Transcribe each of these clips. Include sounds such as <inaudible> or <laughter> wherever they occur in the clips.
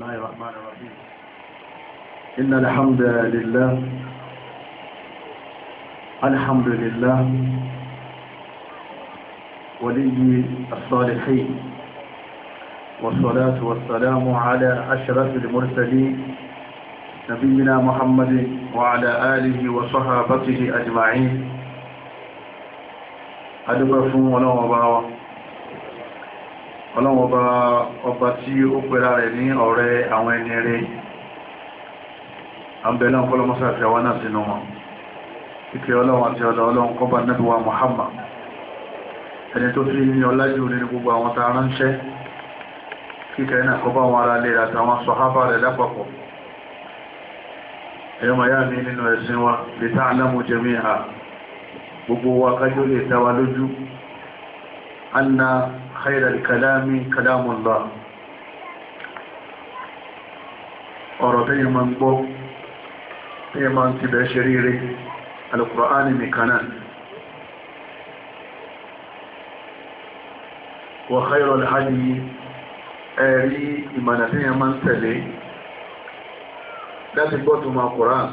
الله الرحمن الرحيم إن الحمد لله الحمد لله ولي الصالحين والصلاة والسلام على أشرف المرسلين نبينا محمد وعلى آله وصحابته أجمعين أدبر فهم ولو ọlọ́wọ́ bá ọba tí ó pẹ̀lá rẹ̀ ní ọ̀rẹ́ àwọn ẹni rẹ̀ àbẹ̀lẹ́ ọkọlọmọsá àti àwọn náà sínú wọn ìkẹ́ ọlọ́wọ́ àti ọ̀dọ̀ ọlọ́wọ́ kọba nẹ́bíwá Muhammad ẹni tó fi ní ọlájú nínú gbogbo àwọn tá ránṣẹ́ kíkẹ́ náà kọba wọn ara lè àtàwọn sọ̀hábà rẹ̀ lápapọ̀ ẹ̀yọ́ ma yá mi nínú ẹ̀sìn wa lè tá àlámù jẹ́mí ha gbogbo wa kájọ́ lè tẹ́wa lójú anna خير الكلام كلام الله ọ̀rọ̀ tẹ́yẹ ma ń gbọ́ tẹ́yẹ ma ń ti bẹ̀ ṣe ríire alùkùránì mìkaná wà khayro alhadi ẹ̀rí ìmọ̀nà tẹ́yẹ ma ń tẹ̀lé láti gbọ́tù ma kùrán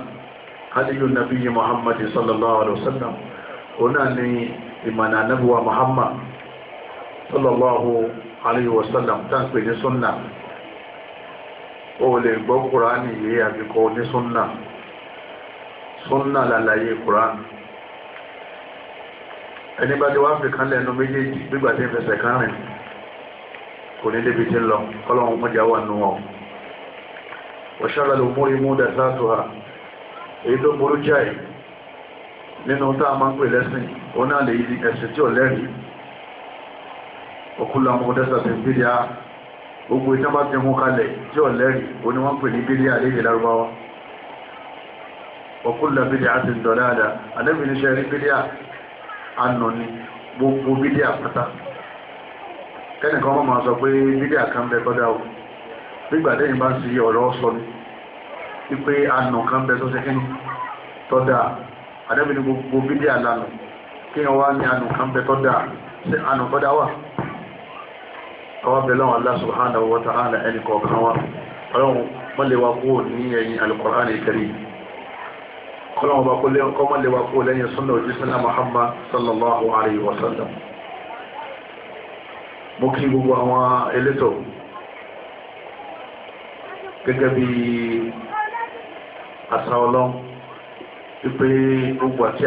hadiyu nabi muhammadu sallallahu alaihi wasallam ọ̀nà ni ìmọ̀nà nabuwa muhammadu sallallahu alayhi wa sallam tá à ń pè ní sunna o lè gbọ́ kuraani yìí àbíkọ ní sunna sunna làlàyé kuraani ẹni bá ti wá fi kan lẹ́nu méjèèjì gbígbà tí ń fẹsẹ̀ kan rìn kò ní débi tí ń lọ kọ́lọ́hún mọ́jà wà nù wọn wa sharral ọkùnlọ àwọn ọdẹ́sà fi bíríà gbogbo ìjọba ti mú kalẹ̀ tí ó lẹ́rì ó ní wọ́n pè ní bíríà lédè lárúbáwá ọkùnlọ bíríà ti ń dọ̀lá àdá àdẹ́bì ní sẹ́rí bíríà ànà ni gbogbo bíríà pátá kẹ́nìkan wọ́n máa sọ pé bíríà kan bẹ kọ́dá o nígbà tẹ́yìn bá ń sí ọ̀rọ̀ sọ ni wípé ànà kan bẹ sọ́sẹ́ kẹ́ni tọ́dà àdẹ́bì ní gbogbo bíríà lánà kí wọ́n wá ní ànà kan bẹ tọ́dà sí ànà tọ́dà wà àwọn abẹ́lẹ́ wọn Allah subhanahu wa ta'ala ẹni kọ̀ọ̀kan wa ọlọ́run mọ́lẹ̀wà kó ní ẹ̀yìn al-Qur'an al-Karim ọlọ́run bá kọ́ mọ́lẹ̀wà kó lẹ́yìn sunna òjísánà Muhammad sallallahu alayhi wa sallam mo kí gbogbo àwọn elétò gẹ́gẹ́ bí àṣà ọlọ́run wípé gbogbo àti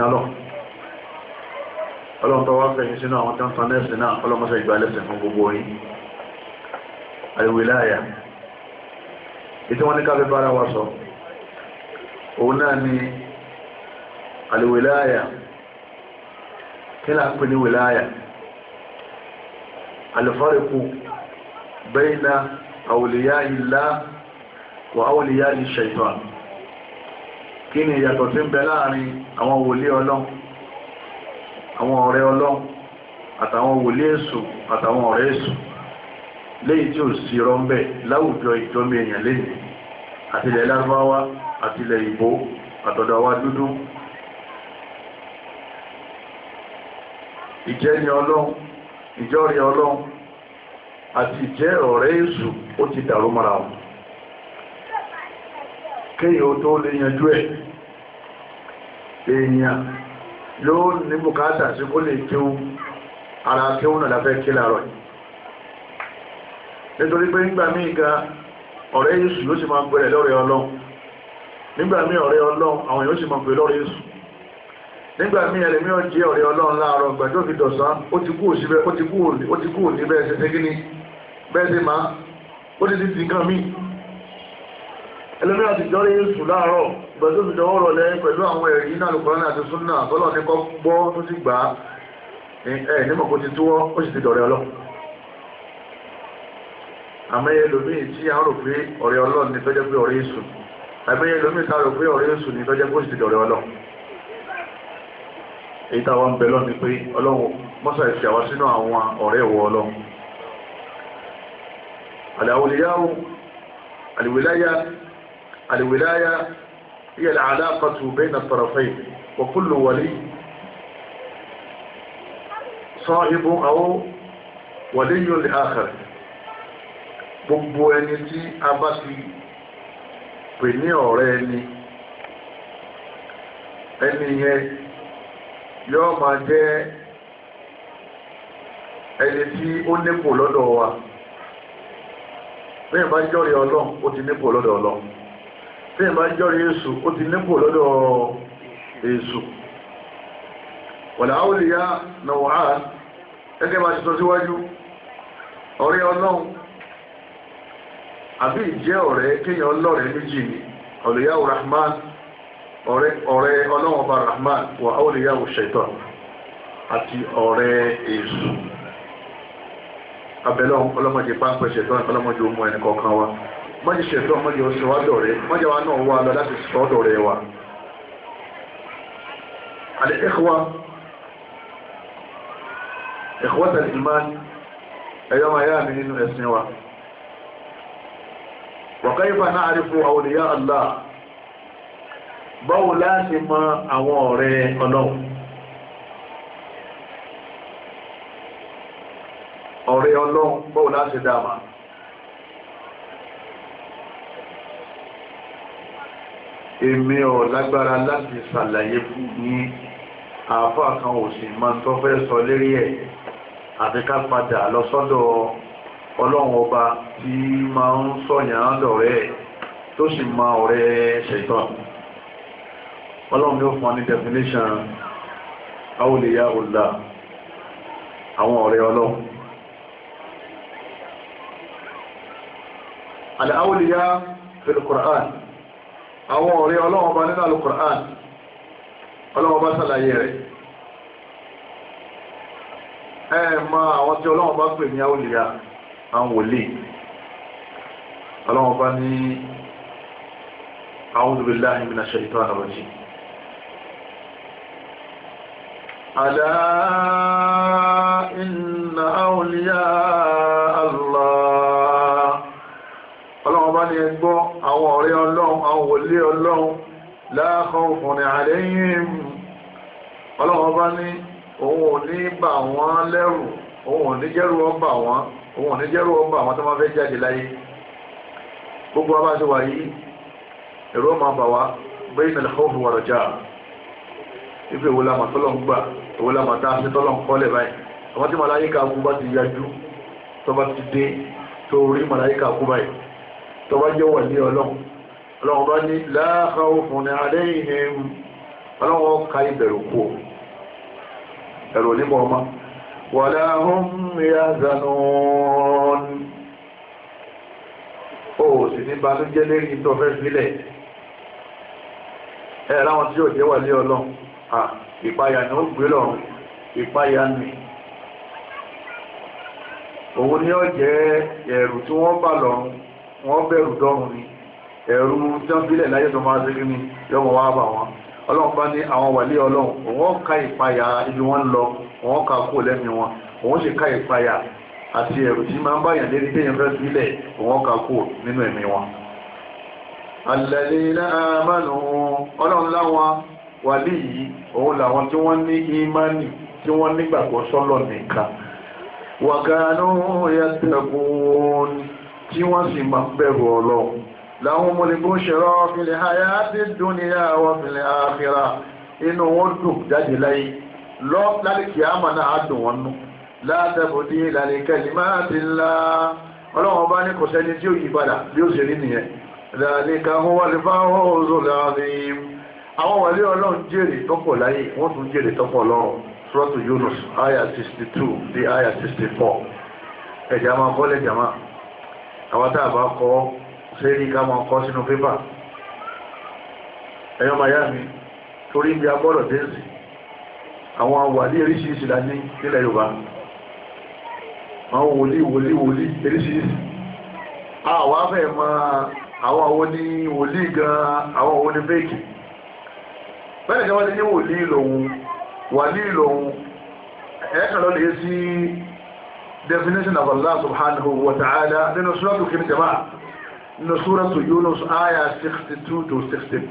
ayé ọlọ́run tó wá fẹ̀yìn sínú àwọn tán tán lẹ́sìn náà ọlọ́mọsẹ̀ ìgbà lẹ́sìn fún gbogbo yín alìwìláyà ìtí wọ́n ní káfẹ́ bára wa sọ òun náà ni alìwìláyà kí là ń pè ní wìláyà alìfáríkù bẹ́ẹ̀nà àwòlìyá ìlà wà kí ni ìyàtọ̀ tí ń bẹ láàrin àwọn wòlíì ọlọ́run àwọn ọ̀rẹ́ ọlọ́run àtàwọn wòlé èṣù àtàwọn ọ̀rẹ́ èṣù léyìí tí ò sí rọ́ńbẹ̀ láwùjọ ìjọmọ èèyàn lẹ́yìn àtìlẹ̀ lárúbáwá àtìlẹ̀ ìbò àtọ̀dọ̀ wa dúdú ìjẹni ọlọ́run ìjọrin ọlọ́run àti ìjẹ́ ọ̀rẹ́ èṣù ó ti dàrú mara wọn kéyìn ó èèyàn ló ní bùkátà sí kó lè kéwú ara kéwú náà láfẹ́ kí láàrọ̀ yìí nítorí pé nígbà míì ga ọ̀rẹ́ yéṣù yóò sì máa pẹ̀rẹ̀ lọ́rẹ̀ ọlọ́run nígbà míì ọ̀rẹ́ ọlọ́run àwọn yóò sì máa pẹ̀rẹ̀ lọ́rẹ̀ yéṣù nígbà míì ẹlẹ́mí ọ̀jẹ́ ọ̀rẹ́ ọlọ́run láàárọ̀ gbàjọ́ fi dọ̀sán ó ti kú òsíbẹ̀ ó ti kú òní bẹ́ẹ̀ ṣe ṣe kíní bẹ́ẹ̀ ṣe máa ó ti ti ti nǹkan míì ẹlẹ́mìíràn ti jọ́ lẹ́yìn sùn láàárọ̀ ìgbà tó fi dọwọ́ rọ̀ lẹ́yìn pẹ̀lú àwọn ẹ̀rí náà lùkọ́rọ́ náà ti sún náà bọ́lọ̀ ní kọ́ gbọ́ tó sì gbà á ẹ̀ nímọ̀ kó ti túwọ́ ó sì ti dọ̀rẹ́ ọlọ́ àmẹ́yẹ a rò pé ọ̀rẹ́ ọlọ́ ni tọ́jẹ́ a rò pé ọ̀rẹ́ èṣù ni tọ́jẹ́ pé ó sì ti dọ̀rẹ́ ọlọ́ èyí táwọn ń bẹ lọ́ni pé ọlọ́run mọ́sà ìfẹ́ àwọn sínú àwọn ọ̀rẹ́ ìwọ ọlọ́run الولاية هي العلاقة بين الطرفين وكل ولي صاحب أو ولي لآخر gbogbo ẹni tí a bá ti pè ní ọ̀rẹ́ ẹni ẹni yẹn yóò máa jẹ́ ẹni tí ó nípò lọ́dọ̀ wa bẹ́ẹ̀ bá jọ́rìí ọlọ́run ó ti nípò lọ́dọ̀ ọlọ́run tí ìbá jọ́rí èṣù ó ti nípò lọ́dọ̀ èṣù wọ̀lá áwòlìyá na wàhálà gẹ́gẹ́ bá ti sọ síwájú ọ̀rẹ́ ọlọ́run àbí ìjẹ́ ọ̀rẹ́ kéèyàn ọlọ́rẹ́ méjì ni ọ̀lẹ́yà rahman ọ̀rẹ́ ọlọ́run ọba rahman wà áwòlìyá shaitan àti ọ̀rẹ́ èṣù abẹ́lọ́run ọlọ́mọdé pápẹ́ shaitan ọlọ́mọdé ó mú ẹnì kọ̀ọ̀kan wa mọ́jì ṣẹ̀tọ́ mọ́jì ọ̀ṣọ́wádọ̀ rẹ̀ mọ́jì wa náà wà lọ láti sọ́dọ̀ rẹ̀ wa alẹ́kẹ́kọ́wá ẹ̀kọ́wọ́ta ìmán ẹ̀yọ́ ma yára mi nínú ẹ̀sìn wa wàkáyífà náà àrífò àwòrìyá Allah báwo láti mọ àwọn ọ̀rẹ́ èmi ò lágbára láti ṣàlàyé ní àáfàá kan ò sì máa ń tọ́fẹ́ sọ lérí ẹ̀ àti ká padà lọ sọ́dọ̀ ọlọ́run ọba tí máa ń sọ̀yàn dọ̀rẹ́ ẹ̀ tó sì máa ọ̀rẹ́ ṣẹ̀tàn ọlọ́run yóò fún ọ ní definition awòlèyá òlà àwọn ọ̀rẹ́ ọlọ́run àlẹ́ awòlèyá fil àwọn ọ̀rẹ́ ọlọ́wọ́n bá nínú alukur'an ọlọ́wọ́n bá sàlàyé rẹ̀ ẹ ma àwọn tí ọlọ́wọ́n bá pè ní àwòlìyà àwọn wòlíì ọlọ́wọ́n bá ní a'udhu billahi minash shaitani rajim ala inna àwọn ọ̀rẹ́ ọlọ́run àwọn wòlé ọlọ́run la khawfun alayhim ọlọ́run bá ní òun ò ní bà wọ́n lẹ́rù òun ò ní jẹ́rù wọn bà wọ́n òun ò ní jẹ́rù wọn bà wọ́n tó máa fẹ́ jáde láyé gbogbo wa bá ṣe wà yìí ẹ̀rọ máa bà wá bayna al-khawfi wa raja' ife ń gbà ìwòlá màtá tó bá jẹ́ wà ní ọlọ́run ọlọ́run bá ní la khawfun alayhim ọlọ́run ká ìbẹ̀rù kú ẹ̀rọ onímọ̀ ọmọ wala hum yahzanun ó sì ní banújẹ́ lérí tó fẹ́ sílẹ̀ ẹ̀ ni ó gbé lọ́run ìpayà ni òun ni ó jẹ́ ẹ̀rù tí wọ́n bá lọ́run wọ́n bẹ̀rù dọ́rùn ni ẹ̀rù tí wọ́n bílẹ̀ láyé tó máa ṣeré ni yọmọ wá bà wọn ọlọ́run bá ní àwọn wàlé ọlọ́run òun ká ìpayà ibi wọn lọ òun ká kó lẹ́mìí wọn òun sì ká ìpayà àti ẹ̀rù tí máa ń báyàn lérí téèyàn fẹ́ sílẹ̀ òun ká kó nínú ẹ̀mí wọn. alladhina tí wọ́n sì máa bẹ̀rù ọlọ́run láwọn mọ̀lẹ́gbó ṣẹ̀rọ fìlẹ̀ àyà tí dúnìyà wọ́n fìlẹ̀ àfẹ́ra inú wọn dùn jáde láyé lọ lálẹ́kì àmà náà á dùn wọn nú látẹ̀bùdí lálẹ́kẹ̀lì máa ti la ọlọ́run bá ní kò sẹ́ni tí ó yí padà bí ó sì rí nìyẹn lálẹ́kà wọn wà lè bá ọ̀ọ́zọ̀ láàrin àwọn wàlẹ́ ọlọ́run jèrè tọ́pọ̀ láyé wọ́n tún jèrè tọ́pọ̀ lọ́rùn Yunus aya 62 dé aya 64 ẹ̀jẹ̀ àmà kọ́lẹ̀ jàmáà àwọn tá a bá kọ́ sẹ́rí ká máa kọ́ sínú pépà ẹ̀yọ́ màyá mi torí ibi agbọ́dọ̀ dẹ́sì àwọn àwàdí eríṣiríṣi la ní nílẹ̀ Yorùbá àwọn wòlíì wòlíì wòlíì eríṣiríṣi àwọn afẹ́ ma àwọn àwọn ní wòlíì gan àwọn àwọn ní fẹ́ẹ̀kì bẹ́ẹ̀ wọ́n ti ní wòlíì lòun wà ní ìlòun ẹ̀ẹ́kàn lọ́lẹ̀ sí definition of Allah subhanahu wa ta'ala nínú súrọ́tù kìí jama nínú súrọ́tù Yunus aya 62 to 64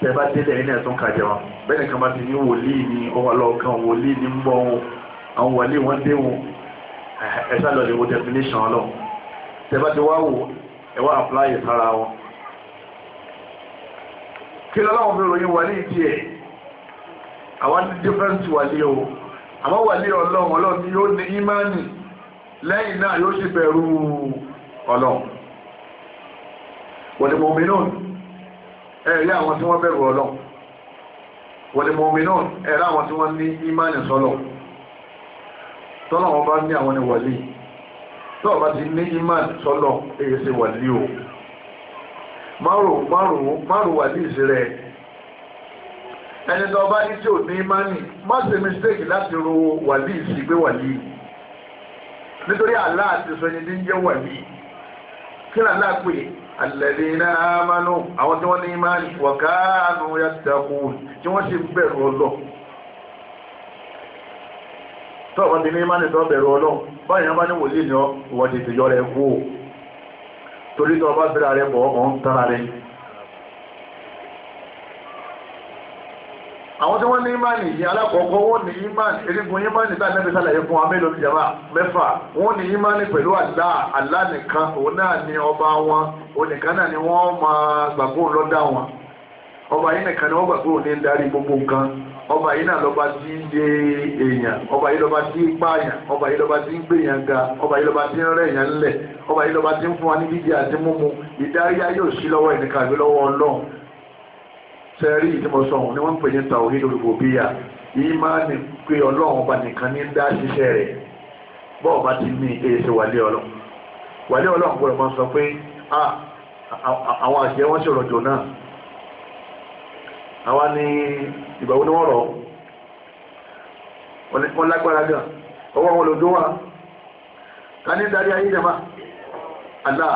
tẹ́bá délẹ̀ iná ẹ̀tún kàjẹ́ wọn bẹ́ẹ̀ nìkan bá ti ní wòlíì ní ọwọ́ lọ́ọ̀kan wòlíì ní ń bọ́ wọn àwọn wòlíì wọ́n dé wọn ẹ̀sà lọ lè wo definition ọlọ́ tẹ́bá ti wá wò ẹwà apply sára wọn kí lọ́wọ́ fi ròyìn wòlíì tiẹ̀ àwọn different wòlíì o àmọ́ wà ní ọlọ́run ọlọ́run ni yóò ní ìmánì lẹ́yìn náà yóò sì bẹ̀rù ọlọ́run wọ̀lẹ̀mọ̀mìnàn ẹ̀rí àwọn tí wọ́n bẹ̀rù ọlọ́run wọ̀lẹ̀mọ̀mìnàn ẹ̀rí àwọn tí wọ́n ní ìmánì sọ́lọ̀ tọ́lọ́wọ́n bá ní àwọn ni wàlí tọ́ọ̀ bá ti ní ìmánì sọ́lọ̀ èyí ṣe wàlí o márùn-ún márùn-ún márùn-ún wàlí ìṣẹ́rẹ́ ẹni tó bá ní tí ò ní mánì má ṣe mistake láti ro wàlí ìsìgbé wàlí nítorí Allah ti sọ ẹni tí ń jẹ́ wàlí kí là ń lápè alladhina amanu àwọn tí wọ́n ní mánì wa kanu yattaqun tí wọ́n ṣe bẹ̀rù ọlọ́ tó àwọn tí ní mánì tó bẹ̀rù ọlọ́ báyìí wọ́n bá ní wòlíì ni wọ́n ti tìjọ́ rẹ̀ kú torí tó bá bẹ̀rẹ̀ rẹ̀ bọ̀ ọ̀ ń tara rẹ̀ àwọn tí wọ́n ní ìmáàlì yìí alákọ̀ọ́kọ́ wọ́n ní ìmáàlì erigun ìmáàlì tá nẹ́bí sálàyé fún amélò ìjàmá mẹ́fà wọ́n ní ìmáàlì pẹ̀lú Allah Allah nìkan òun náà ni ọba wọn onìkan náà ni wọ́n máa gbàgbọ́ lọ́dá wọn ọba yìí nìkan ni wọ́n gbàgbọ́ ní darí gbogbo nǹkan ọba yìí náà lọ́ba tí ń de èèyàn ọba yìí lọ́ba tí ń pààyàn ọba yìí lọ́ba tí ń gbèyàn ga ọba yìí lọ́ba tí ń rẹ̀ èèyàn ńlẹ̀ ọba yìí lọ́ba tí ń fún wa ní bíbí àti mímu ìdáríyá yóò sí lọ́wọ́ ẹnìkan àbí lọ́wọ́ ọlọ́run sẹ́rí ìdímọ̀sọ̀hún ni wọ́n ń pè ní tawhid olùgbòbíyà yìí máa ní pé ọlọ́run ọba nìkan ní dá ṣiṣẹ́ rẹ̀ bọ́ọ̀ bá ti ní èsì wàlẹ́ ọlọ́run wàlẹ́ ọlọ́run gbọ́dọ̀ máa sọ pé àwọn àṣẹ wọn ṣòro jò náà àwa ní ìgbà ni wọ́n rọ̀ wọ́n lágbára gan ọwọ́ wọn lòdó wa ká ní darí ayé jẹ́ máa Allah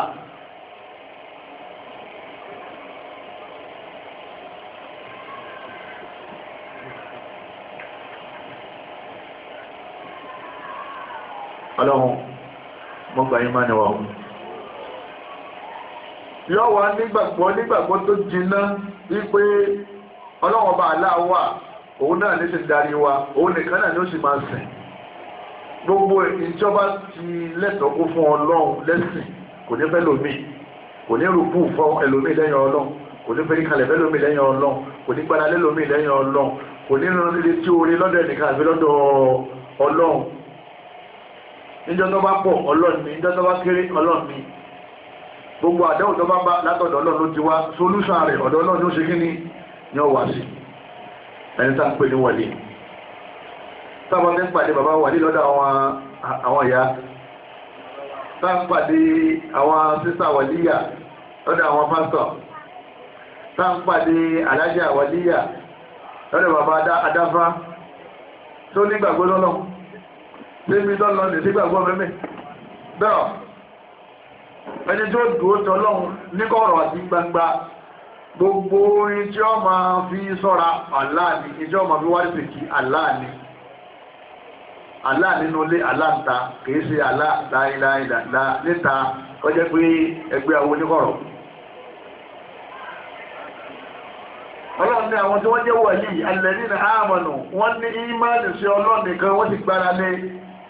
ọlọ́run mọ́gbà yí máa níwà ohun yọ́wà nígbàgbọ́ nígbàgbọ́ tó jiná wípé ọlọ́run bá aláwà òun náà ní ti darí wa òun nìkan náà ni ó sì máa sìn gbogbo ìjọba ti lẹ́tọ̀ọ́ kó fún ọlọ́run lẹ́sìn kò ní fẹ́ lómi kò ní rúkú fún ẹlòmí lẹ́yìn ọlọ́run kò ní fẹ́rí kalẹ̀ fẹ́ lómi lẹ́yìn ọlọ́run kò ní gbára lé lómi lẹ́yìn ọlọ́run kò ní rán líle tí orí lọ́dọ̀ ẹnìkan àbí lọ́dọ̀ ọlọ́run níjọ́ tó bá pọ̀ ọlọ́run mi níjọ́ tó bá kéré ọlọ́run mi gbogbo àdáwò tó bá bá látọ̀dọ̀ ọlọ́run ló ti wá solúsàn rẹ̀ ọ̀dọ̀ ọlọ́run ló ṣe kíní yọ wá sí ẹni tá ń pè ní wọlé táwọn ọmọdé ń pàdé bàbá wọlé lọ́dọ̀ àwọn ìyá tá ń pàdé àwọn sísà wọlíyà débi lọ́lọ́ lè sígbàgbọ́ mẹ́mẹ́ bẹ́ọ̀ ẹni tó dúó tọ́lọ́run níkọ̀ọ̀rọ̀ àti gbangba gbogbo orin tí ó máa fi sọ́ra aláàní ìjọ máa fi wárí pèkì aláàní aláàní nínú ilé aláǹta kìí ṣe aláàdáìláìdá níta kọjẹ́ pé ẹgbẹ́ àwọn oníkọ̀ọ̀rọ̀ ọlọ́run ní àwọn tí wọ́n jẹ́ wọ̀nyí alẹ́rìn àmọ̀nù wọ́n ní ìmáàlì sí ọlọ́run nìkan wọ́n ti gbára lé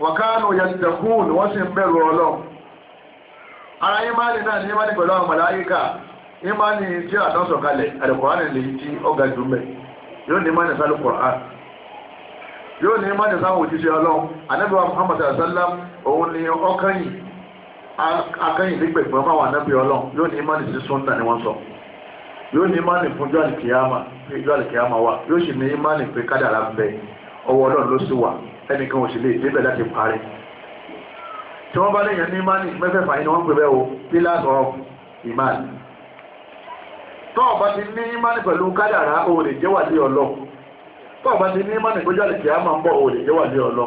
wọ̀kánù yàtẹ̀kún wọ́n sì ń bẹ̀rù ọlọ́run ara imani náà ní imani pẹ̀lú àwọn màláíkà imani tí a tán sọ̀kalẹ̀ alìkùránì lè tí ó ga jù mẹ́ yóò ní imani sálù kùrán yóò imani sáwọn òjíṣẹ́ ọlọ́run anábì wa muhammad sallam òun ni ọkànyìn akànyìn nígbẹ̀ pẹ̀lú àwọn anábì ọlọ́run yóò ní imani ni wọ́n sọ yóò wa yóò sì imani pé kádàrá ń bẹ ọwọ́ ọlọ́run ló sì wà ẹnìkan ò sì lè débẹ̀ láti parí tí wọ́n bá léèyàn ní imani mẹ́fẹ̀ẹ̀fà yìí ni wọ́n ń pè pillars of iman tọ́ọ̀ bá ti ní imani pẹ̀lú kádàrá o lè jẹ́ wàlí ọlọ́ tọ́ọ̀ bá ti ní imani pẹ̀lú jọ́lẹ̀ kí a máa ń bọ̀ o lè jẹ́ wàlí ọlọ́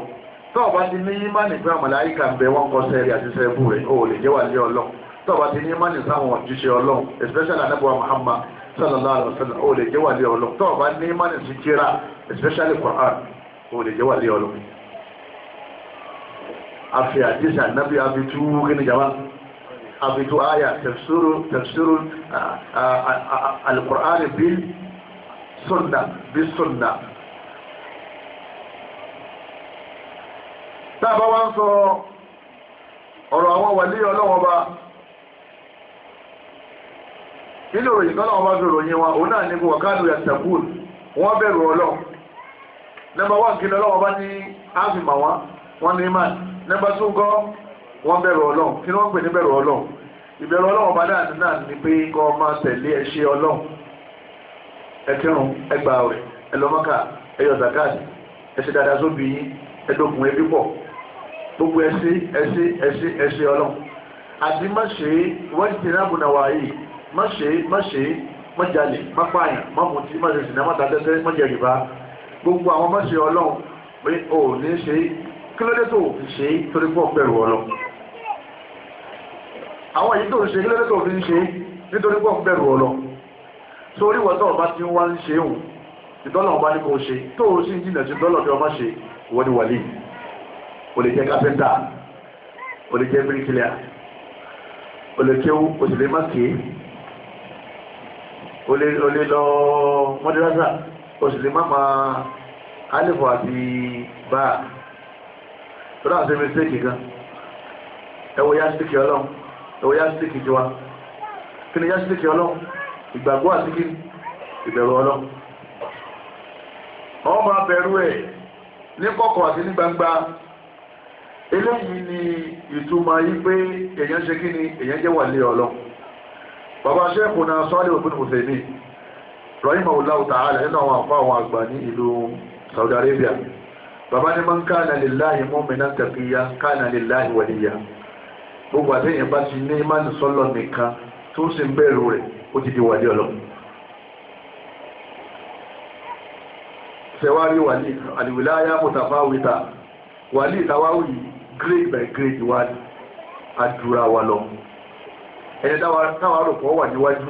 tọ́ọ̀ bá ti ní imani pẹ̀lú àmàláyíkà ń bẹ wọ́n kọ́ sẹ́rí àti sẹ́bù rẹ̀ o lè jẹ́ wàlí ọlọ́ tọ́ọ̀bá ti ní mánì sáwọn òjíṣẹ́ ọlọ́run Muhammad sallallahu alaihi wasallam ó lè jẹ́ wà ní ọlọ́run tọ́ọ̀bá ní mánì sí kíra especially Quran kò lè jẹ́ wà lé ọlọ́ àfi àdísà nábì àfi tú kíni jama àfi tú àyà tafsiru tafsiru al-Qur'an bí sunna bí sunna tábà wá ń sọ ọ̀rọ̀ àwọn wàlí ọlọ́wọ́ bá nínú ìròyìn kọ́lọ́wọ́ bá fi ròyìn wọn òun náà ní kò wà káàdù wọ́n bẹ̀rù ọlọ́wọ́ nẹ́bà wá gílẹ̀ lọ́wọ́ bá ní áàfìmà wọn wọn ní imá nẹ́bà tún gọ́ wọn bẹ̀rù ọlọ́run kí wọ́n pè ní bẹ̀rù ọlọ́run ìbẹ̀rù ọlọ́run bá dáàdì náà ní pé kọ́ máa tẹ̀lé ẹ̀ṣẹ̀ ọlọ́run ẹ̀kírun ẹgbà rẹ̀ ẹlọ́mọ́kà ẹyọ zakati ẹ̀ṣẹ̀ dáadáa sóbi yín ẹdókun ẹbí pọ̀ gbogbo ẹ̀ṣẹ̀ ẹ̀ṣẹ̀ gbogbo àwọn mọ́ṣẹ́ ọlọ́run pé o ní ṣe kí ló dé tó fi ṣe torí pọ̀ pẹ̀rù ọlọ́ àwọn èyí tó ń ṣe kí ló dé tó fi ń ṣe nítorí pọ̀ pẹ̀rù ọlọ́ sórí wọ́tọ̀ ọba tí wọ́n ń ṣe òun ìdọ́lọ̀ ọba ní kò ṣe tó o sì ń jìnà sí dọ́lọ̀ tí ọba ṣe wọ́n òṣìṣẹ́ máma alifu àti bá tó dáhùn sí mistake gan ẹwọ yasitiki ọlọ́run ẹwọ yasitiki tiwa kí ni yasitiki ọlọ́run ìgbàgbọ́ àti kí ìbẹ̀rù ọlọ́run ọ máa bẹ̀rù ẹ̀ ní kọ̀kọ̀ àti ní gbangba eléyìí ni ìtumọ̀ yí pé èèyàn ṣe kí ni èèyàn jẹ́ wà lé ọlọ́run bàbá sẹ́ẹ̀kù náà sọ́ọ́lẹ̀ òfin òfin rahimahullahu ta'ala nínú àwọn àfá àwọn àgbà ní ìlú Saudi Arabia bàbá ní man kana lillahi mu'minan taqiyya kana lillahi waliya gbogbo àtẹ́yìn bá ti ní imáni sọ́lọ̀ nìkan tó sì ń bẹ̀rù rẹ̀ ó ti di wàlí ọlọ́run sẹwárí wàlí àlìwìláyà mọ̀tàfáwìta wàlí ìtawáwì grade by grade wà àdúrà wà lọ ẹni táwa rò pọ̀ wà níwájú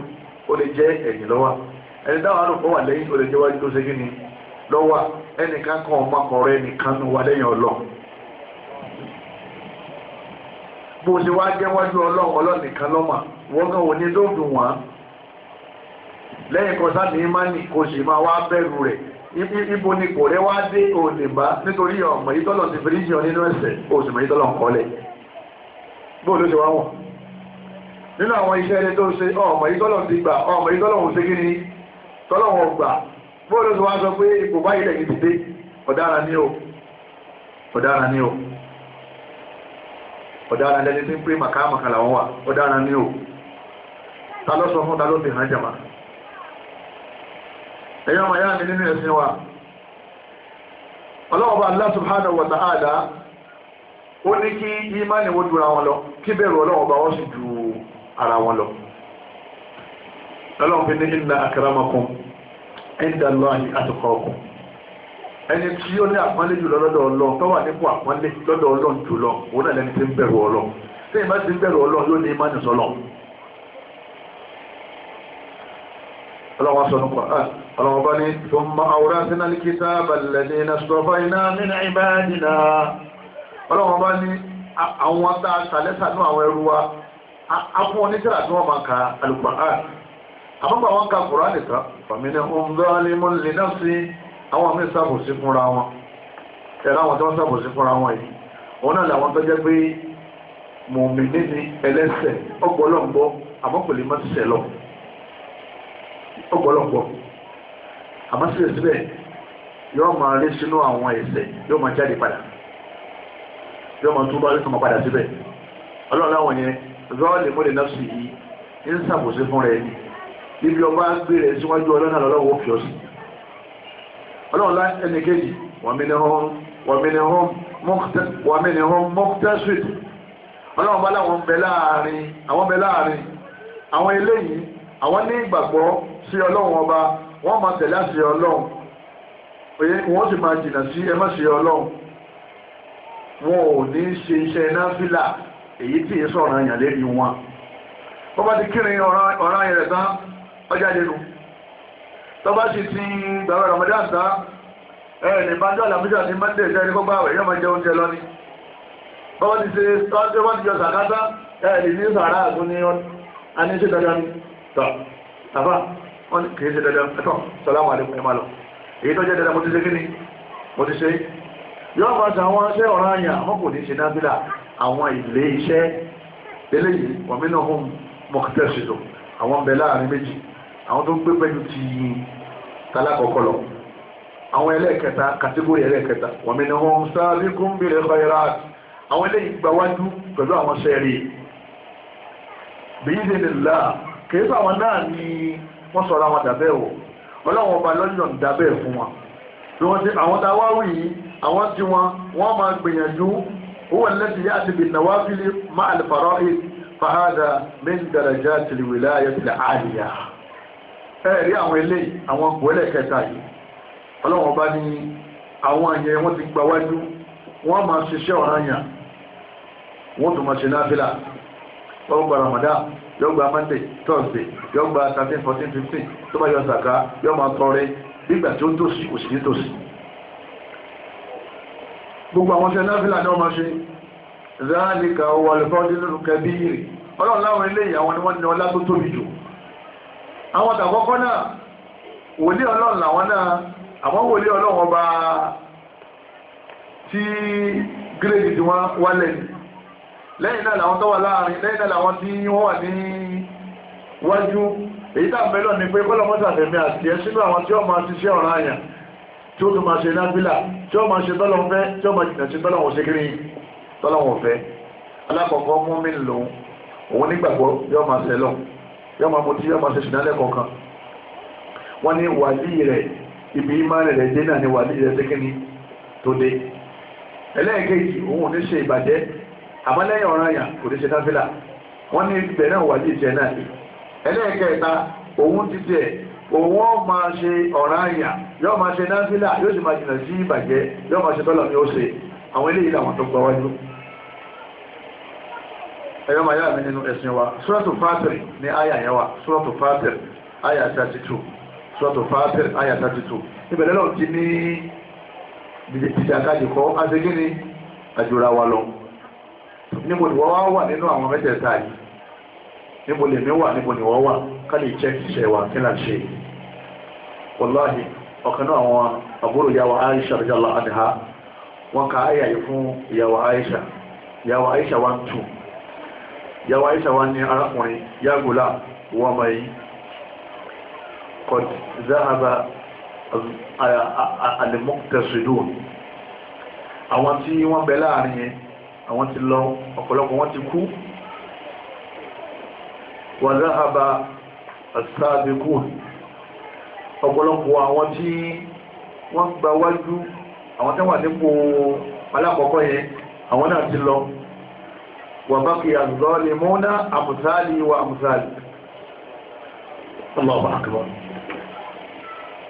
ó lè jẹ́ ẹ̀yìn lọ́wọ́ ẹni dáwọn àrùkọ́ wà lẹ́yìn tó lè jẹ́ wájú tó ṣe ni lọ́wà ẹnìkan kan ọmọkọ̀ọ́rẹ́ ẹnìkan nù wà lẹ́yìn ọlọ́run bó ṣe wá jẹ́ wájú ọlọ́run ọlọ́run nìkan lọ́mà wọ́n gan òní ló dùn wọ́n lẹ́yìn kan sáàmì ìmánì kò sì máa wá bẹ̀rù rẹ̀ ibo ni kò rẹ́ wá dé òní bá nítorí ọmọ ìtọ́lọ̀ ti fi ríjìn nínú ẹ̀sẹ̀ oṣù mọ̀ ìtọ́lọ̀ kọ́lẹ̀ bó ló ṣe wá wọ̀n nínú àwọn iṣẹ́ ẹni tó ṣe ọmọ ìtọ́lọ̀ ti gbà ọmọ ìtọ́lọ̀ tọ́lọ́wọ̀n gbà bóòlù tó wá sọ pé ipò bá ilẹ̀ yìí ti dé ọ̀daràn ni o ọ̀daràn ni o ọ̀daràn lẹni tí ń pè màkàmàkà làwọn wà ọ̀daràn ni o ta ló sọ fún ta ló fi hàn jàmà ẹ̀yọ́ màá yá mi nínú ẹ̀sìn wa ọlọ́ọ̀bá Allah subhanahu wa ta'ala ó ní kí ìmánìwó dúra wọn lọ kí bẹ̀rù ọlọ́ọ̀bá wọ́n sì ju ara wọn lọ lọ́lọ́run fi ní ìlà akramakum inda Allahi ẹni tí ó ní àpọ́nlé jùlọ lọ́dọ̀ ọlọ́run tó wà nípò àpọ́nlé lọ́dọ̀ ọlọ́run jùlọ òun náà lẹni tí ń bẹ̀rù ọlọ́run tí ìbá ti ń bẹ̀rù ọlọ́run yóò ní ìmánì sọlọ́run ọlọ́wọ́ sọ́nù Qur'an ọlọ́wọ́ bá ní thumma awrasna al ní àmọ́gbà wọn ka kùrá nìkan fàmílẹ̀ ohun bẹ́ẹ̀ ni mo lè náà sí àwọn mí sàbòsí fúnra wọn ẹ̀rọ àwọn tó ń sàbòsí fúnra wọn yìí òun náà làwọn tó jẹ́ pé mọ̀mí níbi ẹlẹ́sẹ̀ ọgbọ́lọ́gbọ́ àmọ́ kò lè má ti sẹ̀ lọ ọgbọ́lọ́gbọ́ àmọ́ síbẹ̀síbẹ̀ yóò máa rí sínú àwọn ẹ̀ṣẹ̀ yóò máa jáde padà yóò máa túbọ̀ yóò máa padà síbẹ̀ ọlọ́run láwọn yẹn zọ́ọ̀lì mọ́lẹ̀ náà sì yí ń sàbòsí fúnra ẹni ibi ọba gbé rẹ̀ síwájú ọlọ́nà lọ́wọ́ fi ọ̀sìn ọlọ́ọ̀lá ẹni kejì wàmínihàn mọ́kútẹ́sìt ọlọ́wọ́n bá láwọn bẹ láàrin àwọn bẹ láàrin àwọn eléyìí àwọn ní ìgbàgbọ́ sí ọlọ́wọ́n ọba wọ́n máa tẹ̀lé àṣẹ ọlọ́wọ́n wọ́n sì máa jìnà sí ẹmọ́sí ọlọ́wọ́n wọn ò ní ṣe iṣẹ́ náfìlà èyí tí èso ọ̀ràn yàn lérí wọn bọ́bá ti kírin ọ̀ràn yẹn rẹ̀ tán ọjà lérò tọba sì ti gbàwẹ̀ Ramadan tán ẹ̀rìn ìbájọ́ àlàmíjà ní mẹ́tẹ̀ ìṣẹ́ nípa gbàwẹ̀ yọ́ máa jẹ oúnjẹ lọ ní bọ́wọ́ ti ṣe tọ́jú wọ́n ti jọ sàkátá ni ní sàárà àgún ní aníṣẹ́ dandan ní tọ́ tàbá wọ́n kìí ṣe dandan ẹ̀tọ́ sọláwọ̀ àdékùn ẹ̀má lọ èyí tó jẹ́ dandan mo ti ṣe kí ni mo ti ṣe yọ́ máa ṣe àwọn iṣẹ́ ọ̀rọ̀ àwọn tó ń gbé pẹ̀lú ti talákọ̀ọ́kọ́ lọ àwọn ẹlẹ́ẹ̀kẹta kàtígórì ẹlẹ́ẹ̀kẹta wọ́n mìíràn wọn sáábí kún bèèrè kọ́ra àwọn eléyìí gba wájú pẹ̀lú àwọn sẹ́ẹ̀rì bèyí dè nílá kèéfà àwọn náà ni wọ́n sọ̀rọ̀ àwọn dàbẹ́ wọ̀ ọlọ́wọ́n ọba lọ́yọ̀ dàbẹ́ fún wọn bí wọ́n ti àwọn tá ẹ̀rí àwọn ilé àwọn kòẹ́lẹ̀ kẹta yìí ọlọ́wọ́n bá ní àwọn àyẹ wọ́n ti gba wájú wọ́n máa ṣiṣẹ́ ọ̀ranyàn wọ́n tó máa ṣe náfílà wọ́n gba ramada yóò gba monday thursday yóò gba 13 14 15 tó bá yọ sàká yóò máa tọrẹ nígbà tí ó tòsí kò sí nítòsí gbogbo àwọn ṣe náfílà náà máa ṣe àwọn tàkọ́kọ́ náà wòlí ọlọ́run làwọn náà àwọn wòlí ọlọ́run ọba tí gírèdì tí wọ́n wálẹ̀ lẹ́yìn náà làwọn tó wà láàrin lẹ́yìn náà làwọn tí wọ́n wà ní wájú èyí tá àmẹ́lọ ni pé kọ́lọ̀mọ́sàfẹ̀mí àti ẹ sínú àwọn tí ó máa ti ṣe ọ̀rọ̀ àyàn tí ó tún máa ṣe nábílà tí ó máa ṣe tọ́lọ̀fẹ́ tí ó máa jìnà sí tọ́lọ̀wọ̀ sí yọ máa mutí yọ máa ṣe ṣìdálẹ̀ kọ̀ọ̀kan wọ́n ní wàlí rẹ̀ ibi ìmánì rẹ̀ dé náà ni wàlí rẹ̀ sékìní tó dé ẹlẹ́ẹ̀kejì òun ní ṣe ìbàjẹ́ àmọ́lẹ́yìn ọ̀ràn yà kò ní ṣe náfìlà wọ́n ní ibẹ̀ náà wàlí ìjẹ náà ni ẹlẹ́ẹ̀kẹta òun ti tẹ̀ òun ó máa ṣe ọ̀ràn yà yóò máa ṣe náfìlà yóò sì máa jìnà sí ìbàjẹ́ yóò máa ṣe tọ́lọ̀ ní ó ṣe àwọn eléyìí làwọn tó gbọ́ wájú ẹ̀yọ́ máa yára mi nínú ẹ̀sìn wa suratu Fatir ní àyà yẹn wa suratu Fatir àyà 32 suratu Fatir àyà 32 ìbẹ̀rẹ̀ lọ́wọ́ ti ní ìjàkadì kọ́ aṣegí ni àjòrà wa lọ níbo ni wọ́n wá wà nínú àwọn mẹ́tẹ̀ẹ̀ta yìí níbo lèmi wà níbo ni wọ́n wà ká lè jẹ́ ìṣẹ̀ wa kí là ń ṣe wàláhì ọ̀kan náà àwọn àbúrò ìyá wa Aisha radiyallahu anha wọ́n ka àyà yìí fún ìyá wa Aisha ìyá wa Aisha 1 2 yàwó Aisha wa ní arákùnrin yagula wọ́n ma yí kod zahaba alimoktasidun àwọn tí wọ́n bẹ láàrin yẹn àwọn ti lọ ọ̀pọ̀lọpọ̀ wọ́n ti kú wà zahaba asáàbíkún ọ̀pọ̀lọpọ̀ àwọn tí wọ́n gba wájú àwọn tẹ́wà nípò alákọ̀ọ́kọ́ yẹn àwọn náà ti lọ وبقي الظالمون أمثالي وأمثالي الله أكبر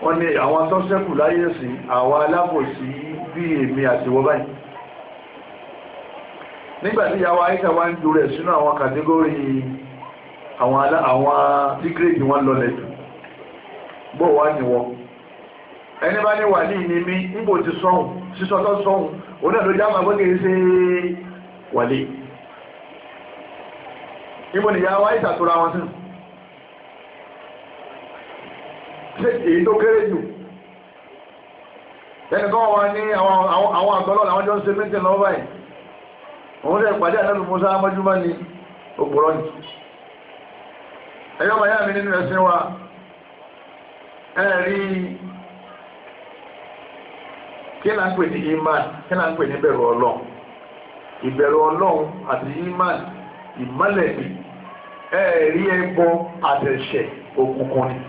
wọ́n ní àwọn tó ṣẹ́kù láyé sí àwọn alábòsí bí èmi àti wọ́n báyìí nígbàtí yàwó àìsà wá ń ju rẹ̀ sínú àwọn kàtígórì àwọn tíkréjì wọ́n lọlẹ̀ jù bó wá ní wọ́n ẹni bá ní wà ní ìní mi ń bò ti sọ́hùn sísọ́tọ́ sọ́hùn onílẹ̀ ló já ibo ni ya, wa ìṣàtúra wọn sí èyí tó kéré jù ẹni kọ́ wa ní àwọn àgbọ́lọ́ làwọn jọ ń ṣe méjì lọ́wọ́ báyìí òun lè pàdé àtẹ́lù musa mọ́júmọ́ ni òpòrọ́ ni ẹ̀yọ́ màyá mi nínú ẹ̀sìn wa ẹ̀rí kí là ń pè ní iman kí là ń pè ní ìbẹ̀rù ọlọ́run ìbẹ̀rù ọlọ́run àti iman ìmọ́lẹ̀ ẹ̀rí ẹbọ àtẹ̀ṣẹ̀ òkùnkùn ni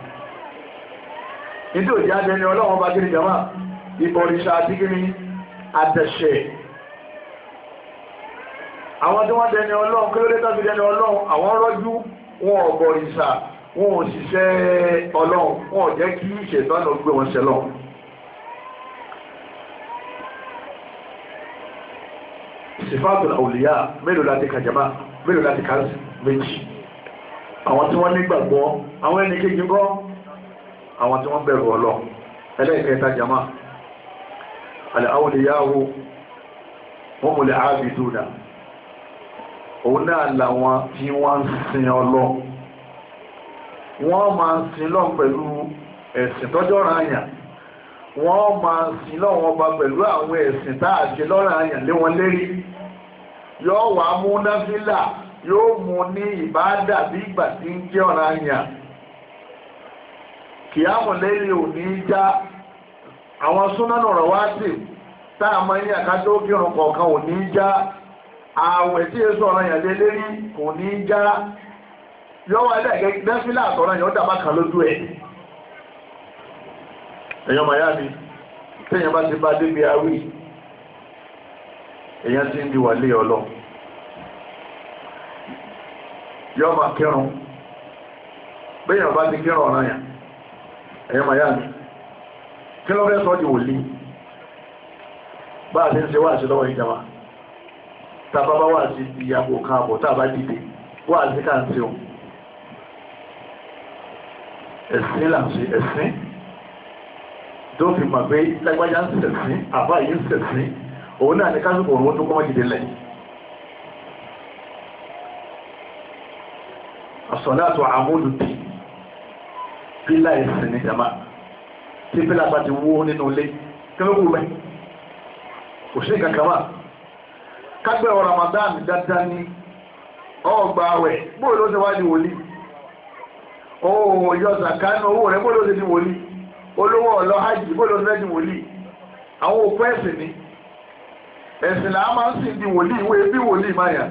nítorí òjì adẹni ọlọ́run bá kiri jama ìbọ̀rìṣà àti kíni àtẹ̀ṣẹ̀ àwọn tí wọ́n dẹni ọlọ́run kí ló dé tọ́jú dẹni ọlọ́run àwọn rọ́jú wọn ọ̀bọ̀rìṣà wọn ò ṣiṣẹ́ ọlọ́run wọn ò jẹ́ kí ìṣètọ́nà gbé wọn ṣẹlọ́run sifatul awliya mélòó láti kàjàmá mélòó láti kàjàmá méjì àwọn tí wọ́n nígbàgbọ́ àwọn ẹni kejì kọ́ àwọn tí wọ́n bẹ̀rù ọlọ ẹlẹ́ẹ̀kẹta jama aláwòlẹ́yàwó wọ́n múlẹ̀ ábìdúnà òun náà làwọn tí wọ́n sin ọlọ wọ́n máa sin lọ pẹ̀lú ẹ̀sìn tọ́jọ́ rányà wọ́n máa ń sin lọ́wọ́ ọba pẹ̀lú àwọn ẹ̀sìn táàṣe lọ́rọ̀ àyàn lé wọn lérí yọ́ wàá mú náfílà yóò mú ní ìbáadà bí ìgbà tí ń jẹ́ ọ̀rọ̀ àyàn kìámù lẹ́yìn òní já àwọn súnánù ọ̀rọ̀ wá sí táàmù ẹ̀yìn àkájọ́ òkèrùn kọ̀ọ̀kan òní já ààwẹ̀ tí èso ọ̀rọ̀ àyàn lé lérí kò ní já yọ́wọ́ ẹlẹ́gẹ̀ẹ́ nẹ́fílà àtọ̀rọ̀ àyàn ó dàbá kan lójú ẹ̀ ẹ̀yọ́ ti bá débi ti ń di wà lé yọ ma kẹrùn bẹ́yàn bá ti kẹrùn ọ̀nà yàn ẹ̀yẹ ma yá ni kí lọ fẹ́ sọ di wòlí bá a ń ṣe wá sí lọ́wọ́ ìjọba tàbá bá wà sí ìyàwó káàbọ̀ tàbá dìde wà sí ká tó fi mà pé lágbájá ń ṣẹ̀sìn àbá ń ṣẹ̀sìn òun náà ní kásìkò òun tó kọ́ mọ́ jìdí ọ̀sọ̀láàtọ̀ àmúlù tí pílà ìsìn ní jama tí pílà bá ti wó nínú ilé kẹ́lẹ́kù mẹ́ kò sí kankan wà kágbẹ̀rọ Ramadan dáadáa ní ọgbà àwẹ̀ bóòlù ó ti wá ní wòlí oòyọ zakanu owó rẹ̀ bóòlù ó ti ní wòlí olówó ọ̀lọ́ hajj bóòlù ó ní wòlí àwọn òkú ẹ̀sìn ni ẹ̀sìn làá máa ń sìn di wòlí ìwé bí wòlí máa yàn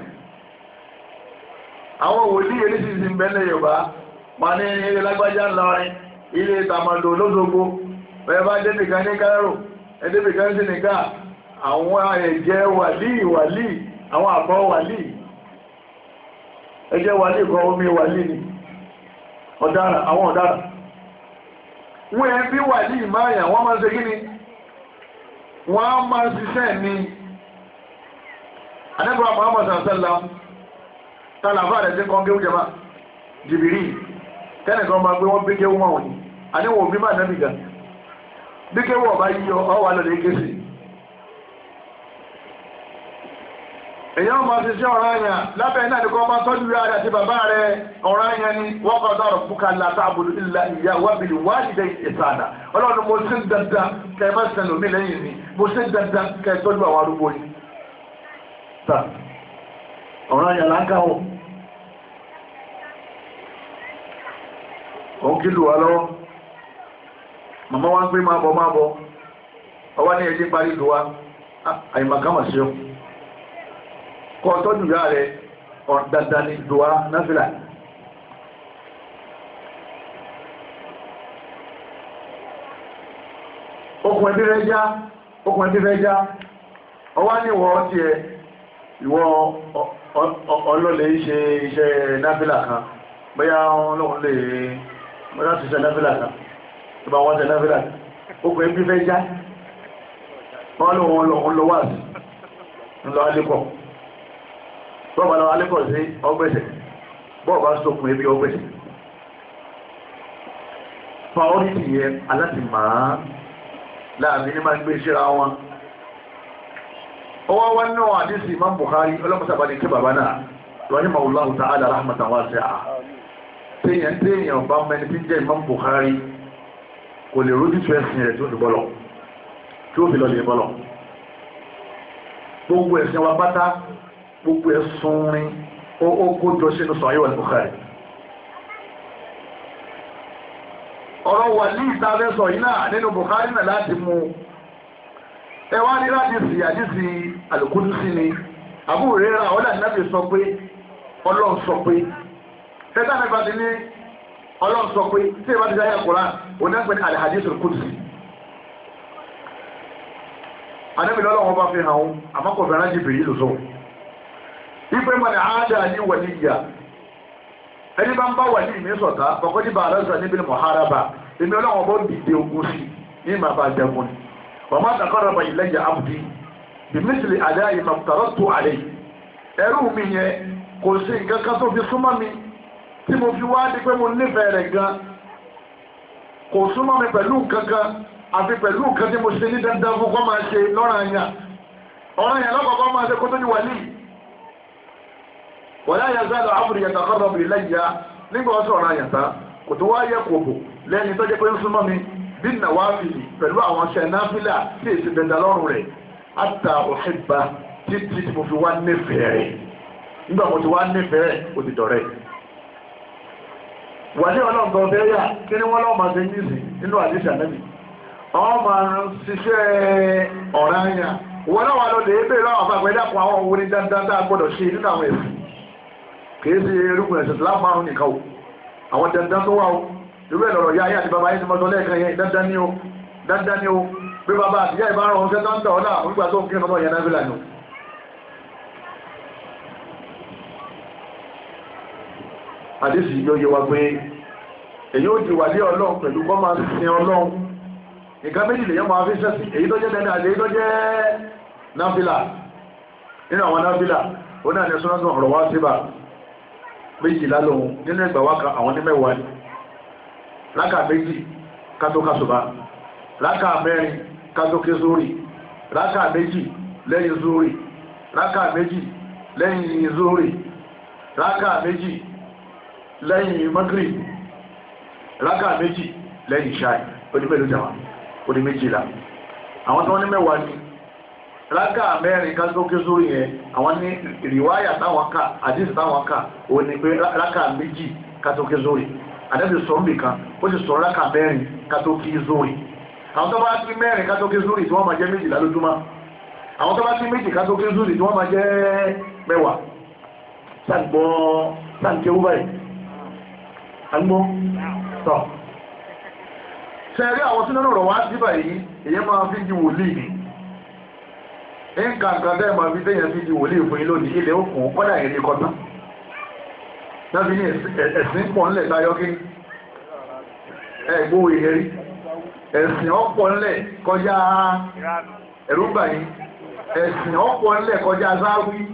àwọn wòlíì eléṣìṣì ń bẹ́lẹ̀ Yorùbá ma ní ilé lágbájá ńlọrin ilé tàmàdò lóṣogbo bẹ́ẹ̀ bá débìkan ní Cairo ẹdébìkan sí nìka àwọn ẹ̀jẹ̀ wàlíì wàlíì àwọn àbọ̀ wàlíì ẹ̀jẹ̀ wàlíì kọ omi wàlíì ni ọ̀daràn àwọn ọ̀daràn wọ́n ẹ̀ bí wàlíì máa wọ́n máa ṣe kí ni wọ́n máa ń ṣiṣẹ́ ni anẹ́bọ̀ àmọ́ àmọ́ sàṣẹ́ tàlàfà rẹ̀ sí kan kéwú jẹba jìbìrì tẹ́nìkan máa gbé wọ́n bí kéwú máa wọ̀nyí àníwò bí máa nẹ́bì gan bí kéwú ọba yíyọ ọwà lọ́dẹ̀ kéṣì èyàn máa ti ṣe ọ̀rọ̀ ẹ̀yà lábẹ́ náà ní kọ́ máa tọ́jú rẹ̀ àti bàbá rẹ̀ ọ̀rọ̀ ẹ̀yà ni wọ́n kọ́ dọ̀rọ̀ fúkà látà àbúrò ìlà ìyá wábìlì wáyìdẹ̀ ìsàdà ọlọ́run mo sí dandan kẹ́ máa sẹ̀lò mí lẹ́yìn mi mo sí dandan kẹ́ tọ́jú àwọn arúgbó yìí ọ̀rọ̀ ẹ̀yà láńkà wọn òun kí lù wá lọ́wọ́ màmá wá ń pín máa bọ̀ máa bọ̀ ọwá ní ẹjẹ́ parí lù wá àyìnbàkámà sí ọ kọ́ tọ́jú ìyá rẹ̀ dandan ní lù wá náfìlà okùn ẹbí rẹ̀ já okùn ẹbí rẹ̀ já ọwá ní ìwọ̀ ọtí ẹ ìwọ̀ ọlọ́lẹ̀ iṣẹ́ náfìlà kan bóyá ọlọ́run lè wọ́n láti ṣe náfìlà kan tó bá wọ́n ṣe náfìlà okùn ẹbí fẹ́ já wọ́n lọ wọn lọ lọ wá sí ńlọ alẹ́kọ̀ọ́ bọ́ọ̀bá lọ alẹ́kọ̀ọ́ sí ọgbẹ̀sẹ̀ bọ́ọ̀bá sókùn ẹbí ọgbẹ̀sẹ̀ priority yẹn aláti máa láàbí ní máa gbé síra wọn ọwọ́ wọn náà àdísì Imam Bukhari ọlọ́pàá sábà ní kí bàbá náà rahimahullahu ta'ala rahmatan wasi'a téèyàn téèyàn bá mẹni tí ń jẹ́ Imam Bukhari kò lè rójú tó ẹ̀sìn rẹ̀ tí ó fi bọ́lọ̀ tí ó fi lọ lè bọ́lọ̀ gbogbo ẹ̀sìn wa pátá gbogbo ẹ̀sùn rin ó kójọ sínú sọ̀yọ́ Bukhari ọ̀rọ̀ wà ní ìtafẹ́ sọ yìí náà nínú Bukhari náà láti mú ẹwà ní láti sì àdísì àlùkùdù sí ni àbúrò ọ̀dà náà fi sọ pé ọlọ́run sọ pé tẹ́tà mẹ́fà ti ní ọlọ́run sọ pé tí ìbá ti dáyà kúrá òun náà pẹ̀lú àdìhàdìsù kùtù anábì lọ́lọ́wọ́ ipe mọ̀nà àádà ní wàlíyà ẹni bá ń bá wàlí mi ni wọ́n má dàkọ́rọ̀ bá ìlẹ́jà àbùdí bìmísìlì àdáyé mọ̀tàrọ́tù àlẹ́ ẹrú mi yẹn kò sí nǹkan kan tó fi súnmọ́ mi tí mo fi wá di pé mo nífẹ̀ẹ́ rẹ̀ gan kò súnmọ́ mi pẹ̀lú kankan àfi pẹ̀lú nǹkan tí mo ṣe ní dandan fún kọ́ máa ṣe lọ́rọ̀ àyà ọ̀rọ̀ àyà lọ́kọ̀ọ́kọ́ máa ṣe kó tó ní wàlí wàlá yà zálọ àbúrò yàtọ̀ kọ́rọ̀ bìrì lẹ́yà nígbà ọ̀sọ̀ ọ̀rọ̀ àyà ta kò tó wá yẹ kò bò lẹ́ni tó jẹ́ wá nífẹ̀ẹ́ òdìdọ̀ rẹ̀ wà ní ọlọ́gbọ̀n fẹ́ yà kí ni wọ́n lọ́ máa ṣe ní ìsìn nínú àdéṣà lẹ́bi wọ́n máa ń ṣiṣẹ́ ọ̀rá yà wọ́n náà wà lọ́lẹ̀ ébè lọ́wọ́ àpapọ̀ ẹ̀dá kan àwọn orin dandan tá a gbọ́dọ̀ ṣe nínú àwọn ẹ̀sìn kìí ṣe erúgbìn ẹ̀sìn islam nìkan o àwọn dandan tó wà o ìwé lọ̀rọ̀ ya ayé àti bàbá yẹn ti mọ́tọ́ lẹ́ẹ̀kan yẹn dandan ni o dandan ni o bí bàbá àtijọ́ ìbára ọ̀hún sẹ́tọ́ ń tọ̀ ọ́ àdísì yóò yẹ wa pé èyí ó ti wà lé ọlọ́run pẹ̀lú kọ́ máa sin ọlọ́run nǹkan méjì lèyàn máa fi sẹ́sì èyí tó jẹ́ dẹ́dẹ́ àti èyí tó jẹ́ náfìlà nínú àwọn náfìlà ó náà ní súnmọ́ ọ̀rọ̀ wá síbà méjì lálóhun nínú ẹgbà wákà àwọn ní mẹ́wàá ni láka lẹ́yìn maghrib rákà méjì lẹ́yìn ṣáì onímẹ̀lú jama onímẹ̀jìlá àwọn tó wọ́n ní mẹ́wàá ní rákà mẹ́rin kásókè sórí yẹn àwọn ní ìrìwáyà táwọn ká àdíṣì táwọn ká o ní pé rákà méjì kásókè sórí àdẹ́bì sọ nìkan ó sì sọ rákà mẹ́rin kásókè sórí àwọn tó bá ti mẹ́rin kásókè sórí tí wọ́n máa jẹ́ méjìlá lójúmọ́ àwọn tó bá ti méjì kásókè sórí tí wọ́n máa jẹ́ mẹ́wàá sàgbọ́n sàǹkẹ́ wúbáyìí àgbọ́ tọ̀ ṣẹ̀rí àwọn tí ọ̀rọ̀ wá sí báyìí èyí máa fi di wòlíì ni nǹkan kan bẹ́ẹ̀ fi déyàn fi di wòlíì fún lónìí ilẹ̀ òkun kọ́dà èrè kọtán láti ní ẹ̀sìn pọ̀ ẹgbó ìhẹ́rí ẹ̀sìn kọjá ẹ̀rúgbà yìí ẹ̀sìn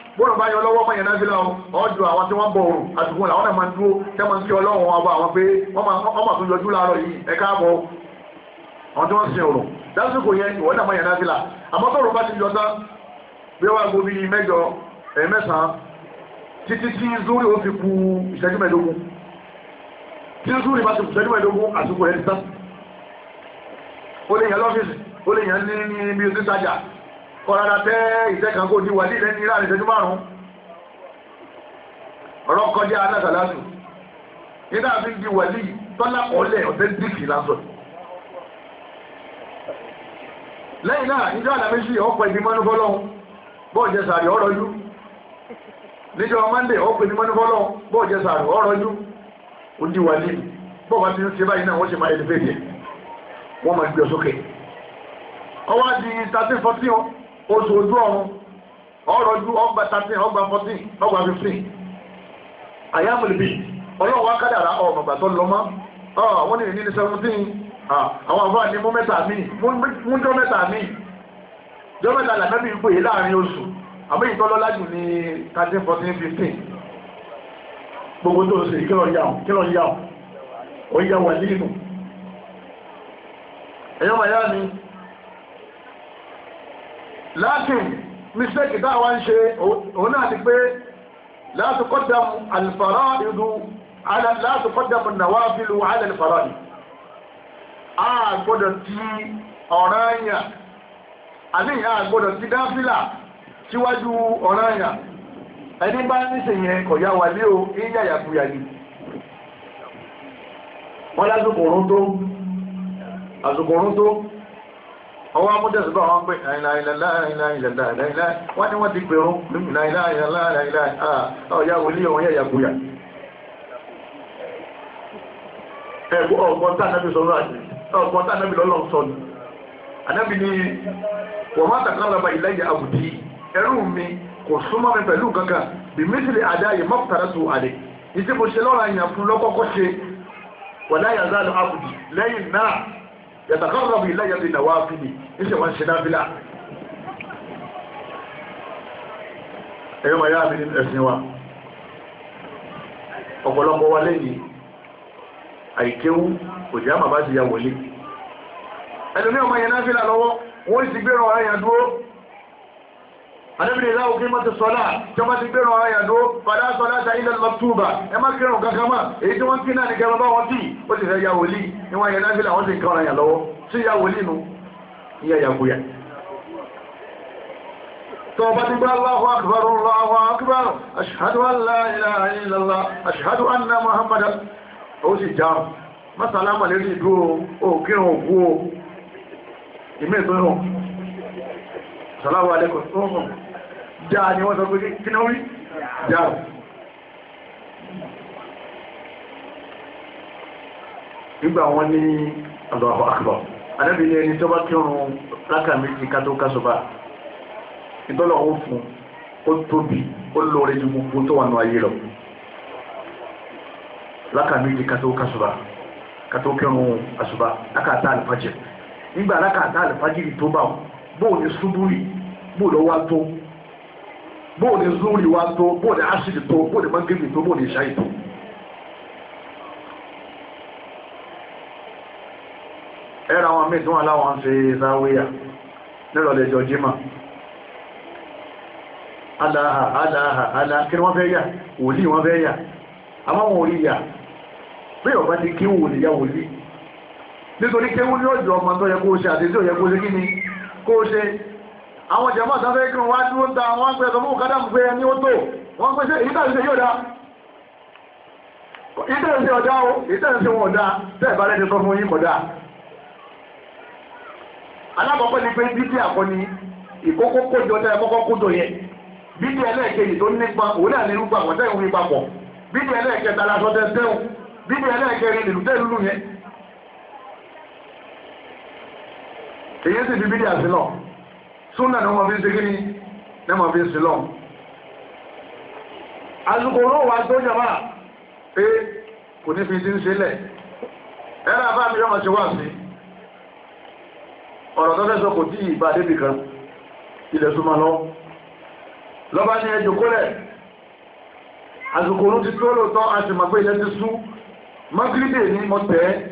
bóòrùn bá yọ lọ́wọ́ mọ̀ yẹn náà sílẹ̀ ọ̀dùn àwọn tí wọ́n bọ̀ òrùn àtùkùn làwọn náà máa dúró tẹ́ máa ń kí ọlọ́run wọn bá wọn pé wọ́n máa tún yọjú láàárọ̀ yìí ẹ káàbọ̀ àwọn tí wọ́n sin òrùn lásìkò yẹn ìwọ́n náà mọ̀ yẹn náà sílẹ̀ àmọ́ tóòrùn bá ti yọ tán bí wọ́n gbó bí mẹ́jọ mẹ́sàn-án títí tí zúrì ó fi ku ìṣẹ́jú mẹ́ẹ̀ẹ́dógún tí zúrì bá ti ku ìṣẹ́jú mẹ́ẹ̀ẹ́dógún àtùkùn ẹ̀ ti tán ó kọ́rọ̀dá tẹ́ ìtẹ́kàn kó di wàlí lẹ́ni láàrin ìṣẹ́jú márùn-ún ọ̀rọ̀ kọjá alásàlásù nígbà tí ń di wàlí tọ́lá ọ̀lẹ̀ ọ̀tẹ́ntìkì lásọ̀ lẹ́yìn náà níjọ́ àlàmísì ọ̀pọ̀ ìbí mọ́núfọ́lọ́hún bọ́ọ̀jẹ́ sàrí ọ̀rọ̀jú níjọ́ mọ́ndé ọ̀pọ̀ ìbí mọ́núfọ́lọ́hún bọ́ọ̀jẹ́ sàrí ọ̀rọ̀jú ó di wàlí bọ́ọ̀bá ti ń ṣe báyìí náà wọ́n ṣe máa ẹ̀lẹ́fẹ̀ẹ́ wọ́n máa gbé ọ sókè ọwọ́ di 13 14 oṣù ojú ọ̀run ọ̀rọ̀ ojú ọgbà thirteen ọgbà fourteen ọgbà fifteen àyàmùlùbí ọlọ́run wá kádàrá ọ̀rọ̀ bàtọ́ lọ́mọ wọ́n ní ìní ní seventeen àwọn àbúrò ní mú mẹ́ta mi mú jọ mẹ́ta mi jọ mẹ́ta làbẹ́bí ń pè é láàrin oṣù àmì ìtọ́lọ́lá jù ní thirteen fourteen fifteen gbogbo tó ṣe kí lọ yà ọ́ ó yà wà nínú ẹ̀yọ́ màá yá ni lákìn mistake dáwà ń ṣe òun náà ti pé láti kọ́dàm alfàrá ìlú láti kọ́dàm nàwà bílù alẹ́lfàrá ni a gbọ́dọ̀ ti ọ̀ranyà àní a gbọ́dọ̀ ti dáfílà síwájú ọ̀ranyà ẹni bá ní ṣe yẹn kọ̀yá wà lé o ìyàyàkúyà ni wọ́n lásìkò orún ọwọ́ amúdẹ̀sí bá wọn pé láìláìláìláìláìláìláì wọ́n ni wọ́n ti pèrún láìláìláìláìláì ọ̀yá wòlí ọ̀wọ́n yẹ̀yà kúyà ẹ̀gbọ́ ọ̀gbọ́n tánàbí sọ́rọ̀ àti ọ̀gbọ́n tánàbí lọ́lọ́n sọ́nù anábì ni wọ́n má tàkàlọ́bà ìlẹ́yà àbùdí ẹrù mi kò súnmọ́ mi pẹ̀lú kankan bí mísìlì àdáyé mọ́pútàrà tó àdé ìsìnkú ṣe lọ́ra ìyàn fún lọ́kọ́kọ́ ṣe wọ̀láyà záàlù àbùdí lẹ́yìn náà yàtàkọ́rọ̀ mi láyé bí nàwá fìlì níṣẹ́ wọ́n ṣe náfìlà ẹ̀yọ́ ma yára mi nínú ẹ̀sìn wa ọ̀pọ̀lọpọ̀ wa lẹ́yìn àìkéwú kò jẹ́ àmàbá ti ya wọlé ẹ̀lùmí ọmọ yẹn náfìlà lọ́wọ́ wọ́n sì gbéràn ọ̀rẹ́ yẹn dúró alẹ́bìnrin láwọ́ kí mọ́tí sọ́lá tó bá ti gbẹ̀rọ ara yàndó fàdá sọ́lá ta ilẹ̀ lọ́túbà ẹ má kírùn kankan mọ́ èyí tí wọ́n kí náà ní kẹrọ bá wọ́n tí ó ti fẹ́ ya wòlí níwọ̀n yẹn láfílà wọ́n ti kọ́ ara yà lọ́wọ́ sí ya wòlí nu iya yakuya tó bá ti gbá Allahu akbar sàláwà alẹ́kọ̀ọ́ tó mọ̀ dáa ni wọ́n sọ pé kí náà rí dáa nígbà wọn ní Allahu Akbar anábì ní ẹni tó bá kírun rákà méjì ká tó kásọba ìtọ́lọ̀ ó fún ó tóbi ó lóore ju gbogbo tó wà nù ayé lọ rákà méjì ká tó kásọba ká tó kírun àsọba rákà tá àlùfájì nígbà rákà tá àlùfájì tó bá wọn bóò ní ṣubúrì bóò lọ wá tó bóò ní zúrì wá tó bóò ní ásìdì tó bóò ní mangébì tó bóò ní ṣáì tó. ẹ̀rọ àwọn míì tún aláwọn ṣe záwéyà nírọ̀lẹ́ ìjọ jimá aláha aláha aláha kí wọ́n fẹ́ yà wòlíì wọ́n fẹ́ yà àmọ́ wọn ò rí yà bí ọba ti kí wòlíì yà wòlíì nítorí kéwú ní ọjọ́ ọmọ tó yẹ kó ṣe àti tí ò yẹ kó ṣe kí ni kó ṣe àwọn jẹ̀mọ́ sáfẹ́ kí wọ́n wá dúró ń ta wọ́n pẹ́ tọ́mú kádà mú pé ẹni ó tó wọ́n pẹ́ sí ìtàlẹ́sẹ̀ yóò dá ìtàlẹ́sẹ̀ ọ̀dá o ìtàlẹ́sẹ̀ wọn ọ̀dá tẹ́ẹ̀ bá lẹ́ni sọ fún yín kọ̀dá alákọ̀ọ́kọ́ ni pé bíbí àkọ́ ni ìkókó ìlú èyí sì fi bídí àsìlọ̀ súnà ní wọ́n fi ń kí ni ní wọ́n fi ń sílọ̀ àsìkò náà wà tó jàmá pé kò ní fi ti ń ṣe lẹ̀ ẹ̀rọ àbá mi yọmọ ṣe wà sí ọ̀rọ̀ tó fẹ́ sọ kò tí ì bá débì kan ilẹ̀ súnmọ́ lọ lọ́bá ní ẹjọ́ kólẹ̀ àsìkò ní ti tó lóòótọ́ a sì ilẹ̀ ti sú mọ́gírídè ní mọ́tẹ́ẹ́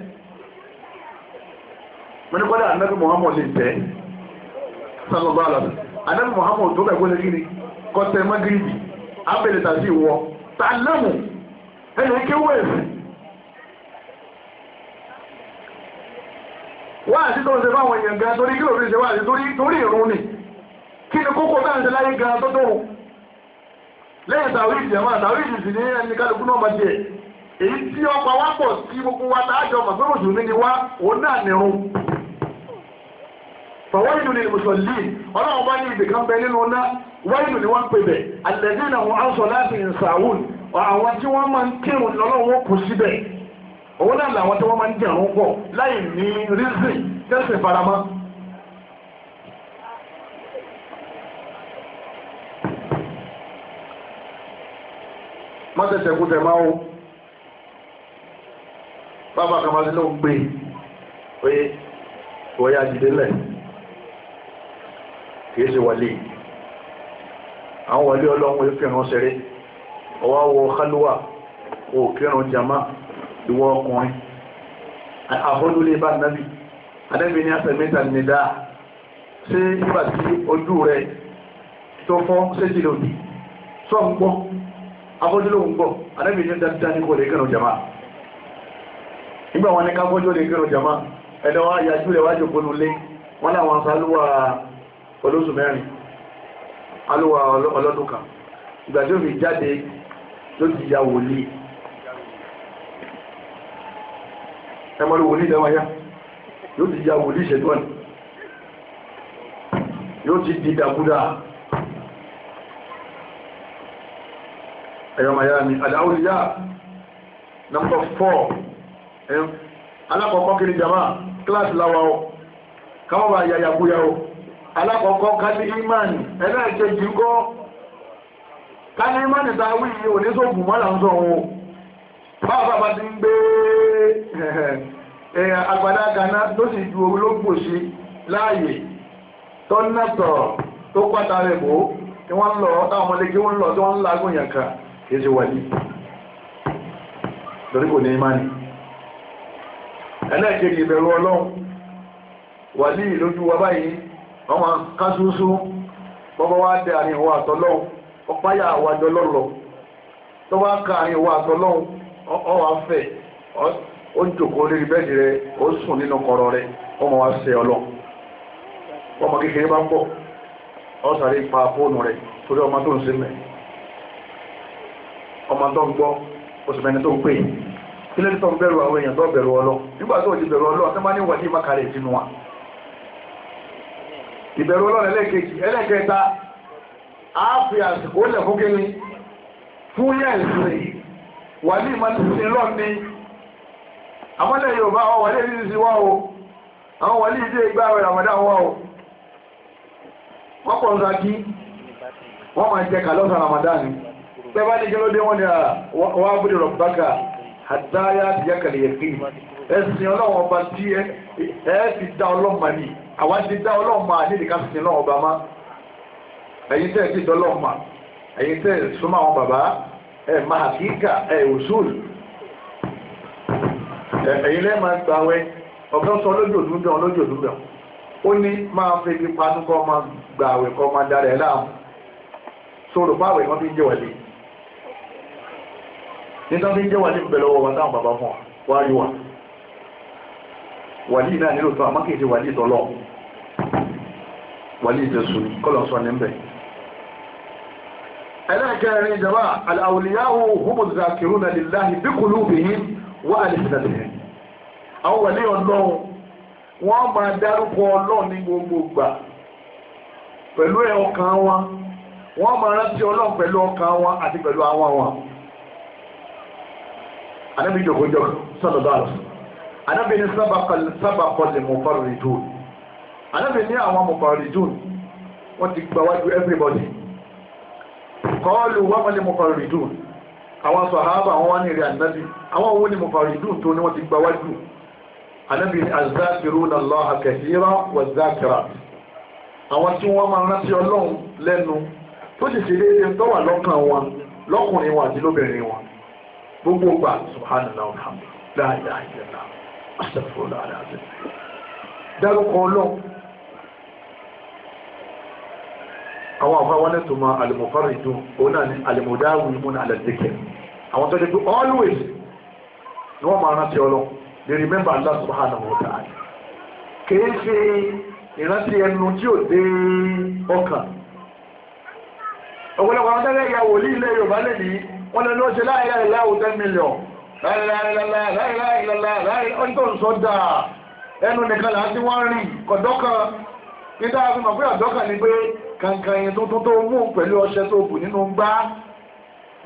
wọ́n kọ́lá anábì Muhammad lè tẹ́ sálọ́bà àlàbì anábì Muhammad tó gbàgbọ́ lẹ́gbẹ́ ni kọ́tẹ́ magiribi taa tàbí ìwọ tàlámù ẹni kéwọ́ ẹ̀sìn wá àti tó ń ṣe fáwọn èèyàn gan torí ni kí ni láyé gan tó lẹ́yìn ní ẹni kálukú náà èyí tí sí gbogbo wa tá a jọ mọ̀ pé mùsùlùmí ni wá òun náà fàwáìlú ni mùsùlùmí ọlọ́run bá ní ibì kan bẹ nínú ná wáìlú ni wọ́n pè bẹ̀ àlẹ́dí náà wọ́n á sọ láti ìsàwùn àwọn tí wọ́n máa ń kírun lọ́lọ́run kù síbẹ̀ òun náà làwọn tí wọ́n máa ń jẹun pọ̀ láì ní rízì tẹ́sẹ̀ faramọ́ mọ́tẹ̀sẹ̀ kú tẹ̀ máa ń bàbá kàmásílẹ̀ ń gbé oye wọ́n yá kìí ṣe wàlẹ̀ àwọn wàlẹ̀ ọlọ́run ìfihàn ṣeré ọwá wọ kálúwà wọ kírun jama ìwọ ọkùnrin àfọ́dúlé bá nábi adẹ́bí ní àtẹ̀mẹ́ta nìdá ṣé nígbà tí ojú rẹ tó fọ́ séjì lòdì sọ ń gbọ́ afọ́dúlé ń gbọ́ adẹ́bí ní dáadáa ní kò lè kírun jama nígbà wọn ní ká fọ́jú lè kírun jama ẹ̀dọ́ wa yájú rẹ̀ wájú gbónú lé wọn láwọn sálúwà olóṣù mẹ́rin alówà ọlọ́dún kan ìgbà tí ó fi jáde ló ti ya wòlíì ẹmọ́lú wòlíì lẹ́wọ́yá yóò ti ya wòlíì ṣẹ̀dọ́nì yóò ti di dàkúdà ẹ̀yọ́ miami aláwòlíyà nọ́mbà 4 alákọ̀ọ́kọ́ kiri jama kíláàsì láwá káwọ́ bá yàyàkúyà ọ alákọ̀ọ́kọ́ kálí imani ẹlẹ́ẹ̀kejì kọ́ kálí imani ta wí ìyẹ́ òní sóògùn mọ́là ń sọ ohun báwọn bá ti ń gbé àgbàdá kaná tó sì ju orí ló gbòsí láàyè tó nẹ́tọ̀ tó pátá rẹ̀ bó tí wọ́n lọ táwọn ọmọdé kí wọ́n lọ tó ń lágùn yànkà èsì wà ní lórí ọmọ kásúsú bọ́bọ́ wá dẹ àrin ìwà àtọ́lọ́hun ọpáyà àwàjọ lọ́lọ́ tó wá ka àrin ìwà àtọ́lọ́hun ọwà fẹ́ ó ń jòkó lórí bẹ́ẹ̀dì rẹ ó sùn nínú kọ̀rọ̀ rẹ ọmọ wa ṣe ọlọ ọmọ bá ń ọ sàrí pa fóònù rẹ ọlọ ìbẹ̀rù ọlọ́rẹ̀ ẹlẹ́kẹ̀ẹ́kì ẹlẹ́kẹta àáfi àsìkò lẹ̀ fún kíni fún yẹ̀ẹ̀sì wà ní ìmọ̀lẹ́sì lọ́ni àmọ́lẹ̀ yorùbá wọ́n wọlé ní sí wá o àwọn wọlé ìdí ìgbà rẹ̀ ramadan wá o wọ́n pọ̀ nǹkan kí ní kí ló dé ah, ẹ̀sìn ọlọ́wọ́n ọba tí ẹ ti dá ọlọ́mọ nìyí àwa ti dá ọlọ́mà nílì ká fi lọ́wọ́ bá má ẹ̀yin tẹ́ ti dọ́lọ́mà ẹ̀yin tẹ́ súnmọ́ àwọn bàbá ẹ̀ máa kíkà ẹ̀ òṣùl ẹ̀yin lẹ́ máa gbà wẹ́ ọ̀gá sọ lójò dúdọ̀ lójò dúdọ̀ ó ní máa fi fi panú kọ́ máa gbà wẹ̀ kọ́ máa darẹ̀ náà nílò tó àmọ́kèjì wàlí tọ́lọ́ọ̀ wàlí ìjẹsùn kọ́lọ̀ sọ ní bẹ̀. ẹlẹ́kẹrin ìjọba aláwòlíyáwó humu zakiruna lillahi bi qulubihim wa alsinatihim àwọn wàlí ọlọ́run wọ́n máa dárúkọ ọlọ́run ní gbogbo gbà pẹ̀lú ẹ̀ ọkàn wọn wọ́n máa rántí ọlọ́run pẹ̀lú ọkàn wọn àti pẹ̀lú àwọn wọn. anábìjọ kọjọ sọ́dọ̀ anábìjọ sábà kọlẹ̀ ìdúró àlẹ́bìn ní àwọn mọ̀kànrí june wọ́n ti gbàwájú everybody kọlu wọ́n mọ́ ní mọ̀kànrí june àwọn sọ̀hábà wọ́n ní rí ànábì àwọn owó ní mọ̀kànrí june tó ní wọ́n ti gbàwájú àlẹ́bìn azákirú na lọ́ha kẹsíra wà zákira àwọn tí wọ́n máa rántí ọlọ́run lẹ́nu tó sì ṣe déédé tó wà lọ́kàn wọn lọ́kùnrin wọn àti lóbìnrin dárúkọ ọlọ́run àwọn àwọn àwọn ẹ̀tùmọ̀ alìmọ̀fárìdù òun náà ni alìmọ̀dáwù mún alẹ́dẹ́kẹ̀ àwọn tó dé pé always ni wọ́n máa rántí ọlọ́ they remember Allah subhanahu wa ta'ala kìí ṣe ìrántí ẹnu tí ò dé ọkàn ọ̀pọ̀lọpọ̀ àwọn tẹ́lẹ̀ ìyàwó ní ilẹ̀ Yorùbá lè ní wọ́n lọ lọ́ọ́ ṣe láìláì láwù 10 million láìláìláìláìláìláì ọjọ́ ń sọ dáa ẹnu nìkan làá tí wọ́n rìn kọ̀dọ́kan nígbà tí mo pé ọ̀dọ́kàn ni pé kankan yẹn tó tó mú pẹ̀lú ọṣẹ tó kù nínú gbá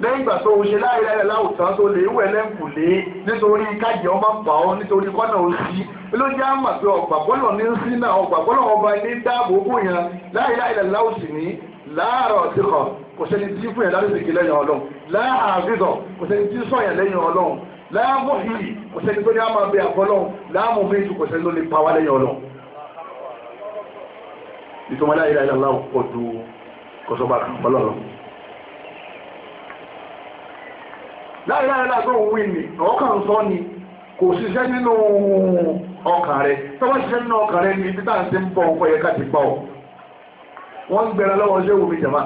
lẹ́yìn ìgbà tó ṣe láìláìlá láwùtán tó lè wẹ̀ lẹ́kùnlé nítorí kájẹ ọmọ pa ọ nítorí kọ́nà òsì ló jẹ́ àmà pé ọ̀gbàgbọ́lọ̀ ní sínà ọ̀gbàgbọ́lọ̀ ọba ní dáàbò bò yẹn láìláìlá láwùsì ní láàárọ̀ ọ̀tíkọ̀ kò sẹ́ni tí fún yẹn lárúsìkì lẹ́yìn ọlọ́run láàárọ̀ kò sẹ́ni tí sọ̀yẹ̀ lẹ́yìn ọlọ́run láàmú yìí kò sẹ́ni tó ní àmà bẹ àbọ́lọ́run láàmú méjì kò sẹ́ni tó lè pa wá lẹ́yìn ọlọ́run ìtumọ̀ láyé láyé láwọn ọdú kọsọ́bà pọ̀lọ́lọ́ láyé láyé láàtọ̀ òun wí ni ọkàn sọ ni kò ṣiṣẹ́ nínú ọkàn rẹ̀ tọ́wọ́ ṣiṣẹ́ nínú ọkàn rẹ̀ ni ibi táà ti ń bọ̀ ọkọ̀ yẹ ká ti gbọ́ ọ wọ́n ń gbẹ̀rẹ̀ lọ́wọ́ ṣé wùmí jẹ̀má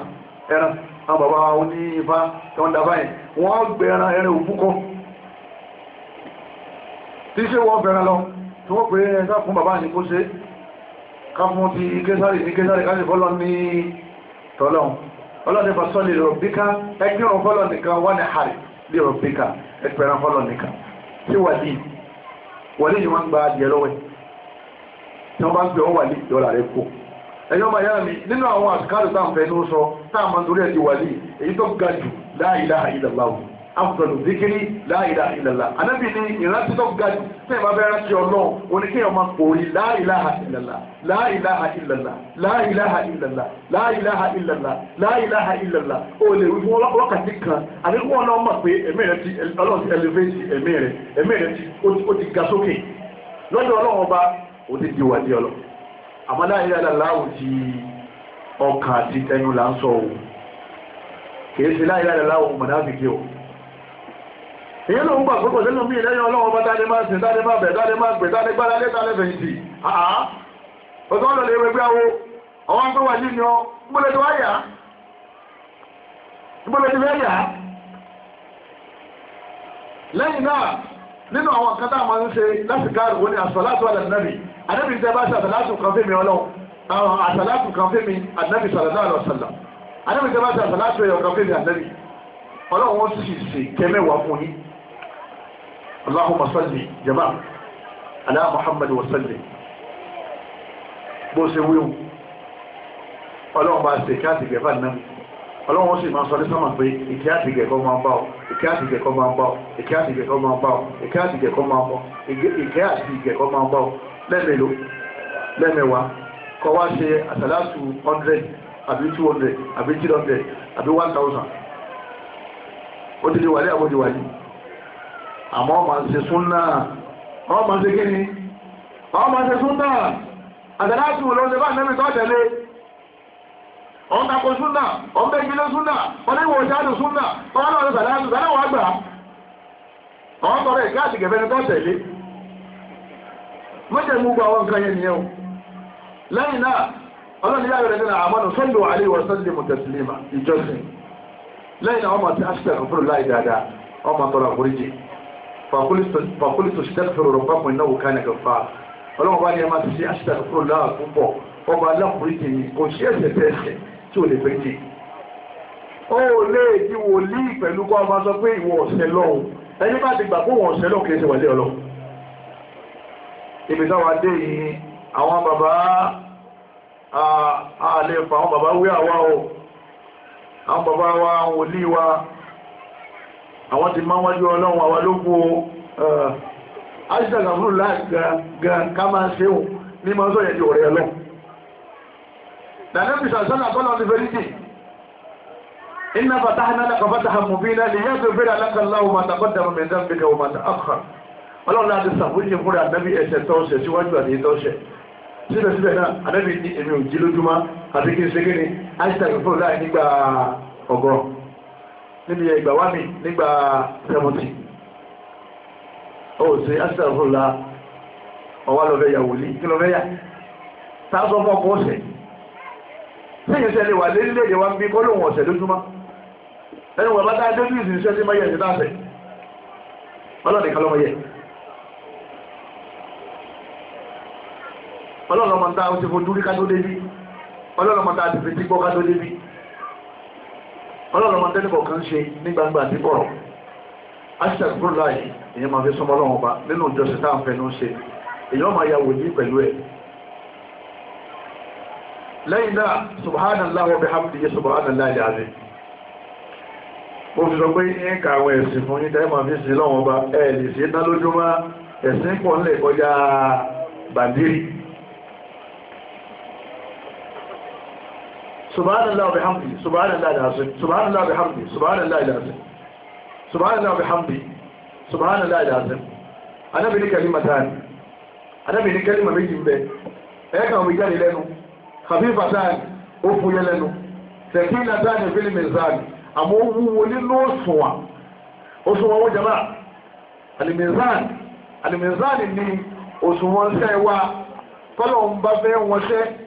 ẹran àwọn bàbá oní ifá tí wọ́n dábàá yẹn wọ́n gbẹ̀rẹ̀ ẹran òbúkọ tí ṣé kan mú ti gẹ́sàrì ní gẹ́sàrì kan sì fọ́lọ́ ní tọ́lọ́un ọlọ́ni fasọ́ lè rọ̀ bíká ẹgbẹ́rún fọ́lọ́ nìkan wà ní àrì lè rọ̀ bíká ẹgbẹ́rún fọ́lọ́ nìkan sí wàlí wàlí ni wọ́n gba adìẹ lọ́wẹ́ tí wọ́n bá ń pè wọ́n wàlí afọ̀lù zikiri láìlá ìlàlá anábì ní ìrántí tó ga jù tí ìbá bẹ́ẹ̀ rántí ọlọ́run oníkéèyàn máa pòrí láìláha ìlàlá láìláha ìlàlá láìláha ìlàlá láìláha ìlàlá láìláha ìlàlá ó lè wí fún wákàtí kan àdéhùn wọn náà mọ̀ pé ẹ̀mí rẹ ti ọlọ́run ti ẹlẹ́fẹ́sì ẹ̀mí rẹ ẹ̀mí rẹ ti ó ti ga sókè lọ́jọ́ ọlọ́run ọba ó ti di wà ní ọlọ́ àmọ́ láìláha láwù ti ọkàn àti tẹnu là ń èyí ló ń gbà pé kò sí lómi ìlẹ́yìn ọlọ́wọ́ bá dáadé máa sìn dáadé máa bẹ̀ dáadé máa gbẹ̀ dáadé gbára lé dáadé fẹ̀yìntì àá ọ̀tọ́ ọ̀lọ́lẹ̀ ewé gbé awo ọwọ́ ń pè wà ní yan gbọ́lẹ̀ tó wáyà gbọ́lẹ̀ tó fẹ́yà lẹ́yìn náà nínú àwọn kan tá a máa ń ṣe láti gáàrù wọn ni àṣàlátù alàdínàbì àdébì tẹ bá ṣe àṣàlátù kan fẹ́mi ọlọ́run àṣàlátù kan fẹ́mi àdínàbì sàlàdà àlọ́sàlà àdébì tẹ bá ṣe àṣàlátù ẹ̀yọ̀ kan fẹ́mi àdínàbì ọlọ́run ó sì ṣe kẹ́mẹ́wàá fún yín Allahumma salli jama ala Muhammad wa salli bó ṣe wíwú ọlọ́run bá ṣe kí á ti gẹ̀ bá nínú ọlọ́run sì máa sọ ní sọ́mà pé ìkí á ti gẹ̀ kọ́ máa bá ọ ìkí á ti gẹ̀ kọ́ máa bá ọ ìkí á ti gẹ̀ kọ́ máa bá ọ ìkí á ti gẹ̀ kọ́ máa bá ọ ìkí á ti gẹ̀ kọ́ máa bá ọ lẹ́mẹ̀lò lẹ́mẹ̀wá kọ́ wá ṣe àtàlásù 100 àbí 200 àbí 300 àbí 1000 ó ti lè wà ní àbójúwà yìí àmọ́ ọmọ ṣe súnà ọmọ ṣe kí ni ọmọ ṣe súnà àtàlátù lọ́sẹ̀ bá nẹ́bí tọ́tẹ̀lé ọ̀n tako súnà ọ̀n bẹ́ ìgbìlẹ̀ súnà ọ̀nẹ́wọ̀ ìṣáàdù súnà ọ̀nà ọ̀rẹ́ sàlátù sàlẹ́wọ̀ àgbà ọ̀n ni tọ́tẹ̀lé mọ́jẹ̀ mú gbọ́ àwọn nǹkan yẹn nìyẹn lẹ́yìn náà ọlọ́ni yára rẹ̀ nínú àmọ́nù sọ́lù àríwọ̀ sọ́lù ìjọsìn lẹ́yìn náà ọmọ ti aṣíkẹ̀ fún láì ọmọ tọrọ àforíjì fàkúlìtò ṣẹ́fẹ̀rọ̀ rọ̀ pápọ̀ iná òkà ní kẹfà ọlọ́wọ́ bá ní ẹmà ti ṣe aṣíṣàkúrò láà púpọ̀ ọba alákùnrin ni kò ṣe ẹ̀ṣẹ̀ tẹ́ẹ̀ṣẹ̀ tí ò lè fẹ́ jì ó lè di wòlíì pẹ̀lú kọ́ ọba sọ pé ìwọ ọ̀sẹ̀ lọ́hùn ẹni bá ti gbà pé wọ́n ọ̀sẹ̀ lọ́hùn kìí ṣe wọlé ọlọ́hùn ibi táwa dé yìí àwọn bàbá àlè fà àwọn bàbá o àwọn bàbá àwọn ti máa wájú ọlọ́run àwọn olóko aṣíṣàgà fún láàgán ká máa ṣeun ní máa sọ ìyẹ̀dì ọ̀rẹ́ ọlọ́run dàdẹ́bì sàṣánà tọ́lọ́ ti fẹ́ríkì iná fatahna laka fatahan mubina lè yẹ́ tó fẹ́rẹ̀ alákàláwò máa taqaddama min dhanbika wa ma ta'akhkhar ọlọ́run láti sàfúnjì fúnra àdẹ́bì ẹ̀ṣẹ̀ tọ́ṣẹ̀ síwájú àti ìtọ́ṣẹ̀ síbẹ̀síbẹ̀ náà àdẹ́bì ní èmi ò jí lójúmọ́ àti kí n ṣe kí ni aṣíṣàgà fún láì nígbà ọgọ́rùn níbi ẹgbà oh, wá mi nígbà 70 ó sì aṣàfúnlá ọwá lọ́fẹ́ yà wòlí kí lọ́fẹ́ yà tásọ fún ọkọ̀ ọ̀sẹ̀ síyìn sẹ́lẹ̀ wà lérílẹ̀-èdè wa ń bí kọ́ lóhun ọ̀sẹ̀ lójúmọ́ ẹni wà bá dá dé ní ìsinsẹ́ sí mayẹ̀ sí láṣẹ̀ ọlọ́dẹ̀ kan lọ́mọ yẹ ọlọ́dọ̀ mọ̀ tá a ti fojú rí ká tó débi ọlọ́dọ̀ mọ̀ ọlọ́run máa tẹ́lẹ̀kọ̀ kan ṣe ní gbangba ní bọ̀rọ̀ hashtag bro láì èyàn máa fi súnmọ́ ọlọ́run ọba nínú ìjọsìn tá à ń fẹnu ṣe èyàn máa ya wòlíì pẹ̀lú ẹ̀ lẹ́yìn subhanallah wa bihamdihi subhanallah al-azim mo fi sọ pé ń ka àwọn ẹ̀sìn fún yín tẹ́lẹ̀ máa fi sin lọ́wọ́ ọba ẹ̀ lè ṣe ná pọ̀ ńlẹ̀ kọjá bàndírì subhanallah bihamdi subhanallah alazim subhanallah bihamdi subhanallah alazim subhanallah bihamdi subhanallah alazim anabi ni kalimatan anabi ni kalima méjì nbe e kan wí jáde lẹ́nu khafifatan ó fúyẹ́ lẹ́nu sakinatan fil mizan àmọ́ wúwo nínú òṣùwọ̀n òṣùwọ̀n wo jama alimizan alimizan ni òṣùwọ̀n ṣe wa tọ́lọ̀ ń bá fẹ́ wọn ṣe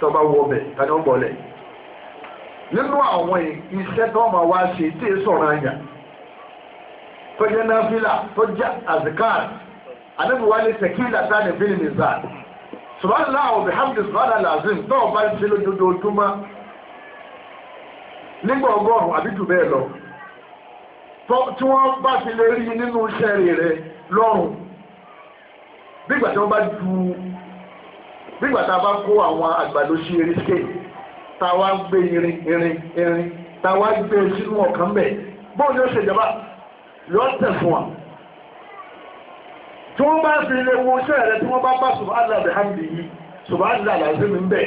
tó bá wọ bẹ̀ tani ó bọ̀lẹ̀ nínú àwọn iṣẹ́ tó máa wá ṣe tí è sọ̀rọ̀ àyà tó jẹ́ náfílà tó jẹ́ azikar anábìwá ní tẹ̀kílà tani bí nìza subhanallah wa bihamdi subhanallah lazim tó bá ṣe lójoojúmọ́ nígbà ọgọ́rùn-ún àbí jù bẹ́ẹ̀ lọ tí wọ́n bá fi lè rí nínú iṣẹ́ rẹ̀ lọ́rùn nígbà tí wọ́n bá ju nígbà tá a bá kó àwọn àgbàdo sí irin ske tá a wá gbé irin irin irin tá a wá gbé e sínú ọ̀kan bẹ̀ bóun ni ó ṣe ìjọba yọ tẹ̀ fún wa tí wọ́n bá fi ilé wo iṣẹ́ rẹ̀ tí wọ́n bá bá subhanallah alhamdi yìí subhanallah alazim ń bẹ̀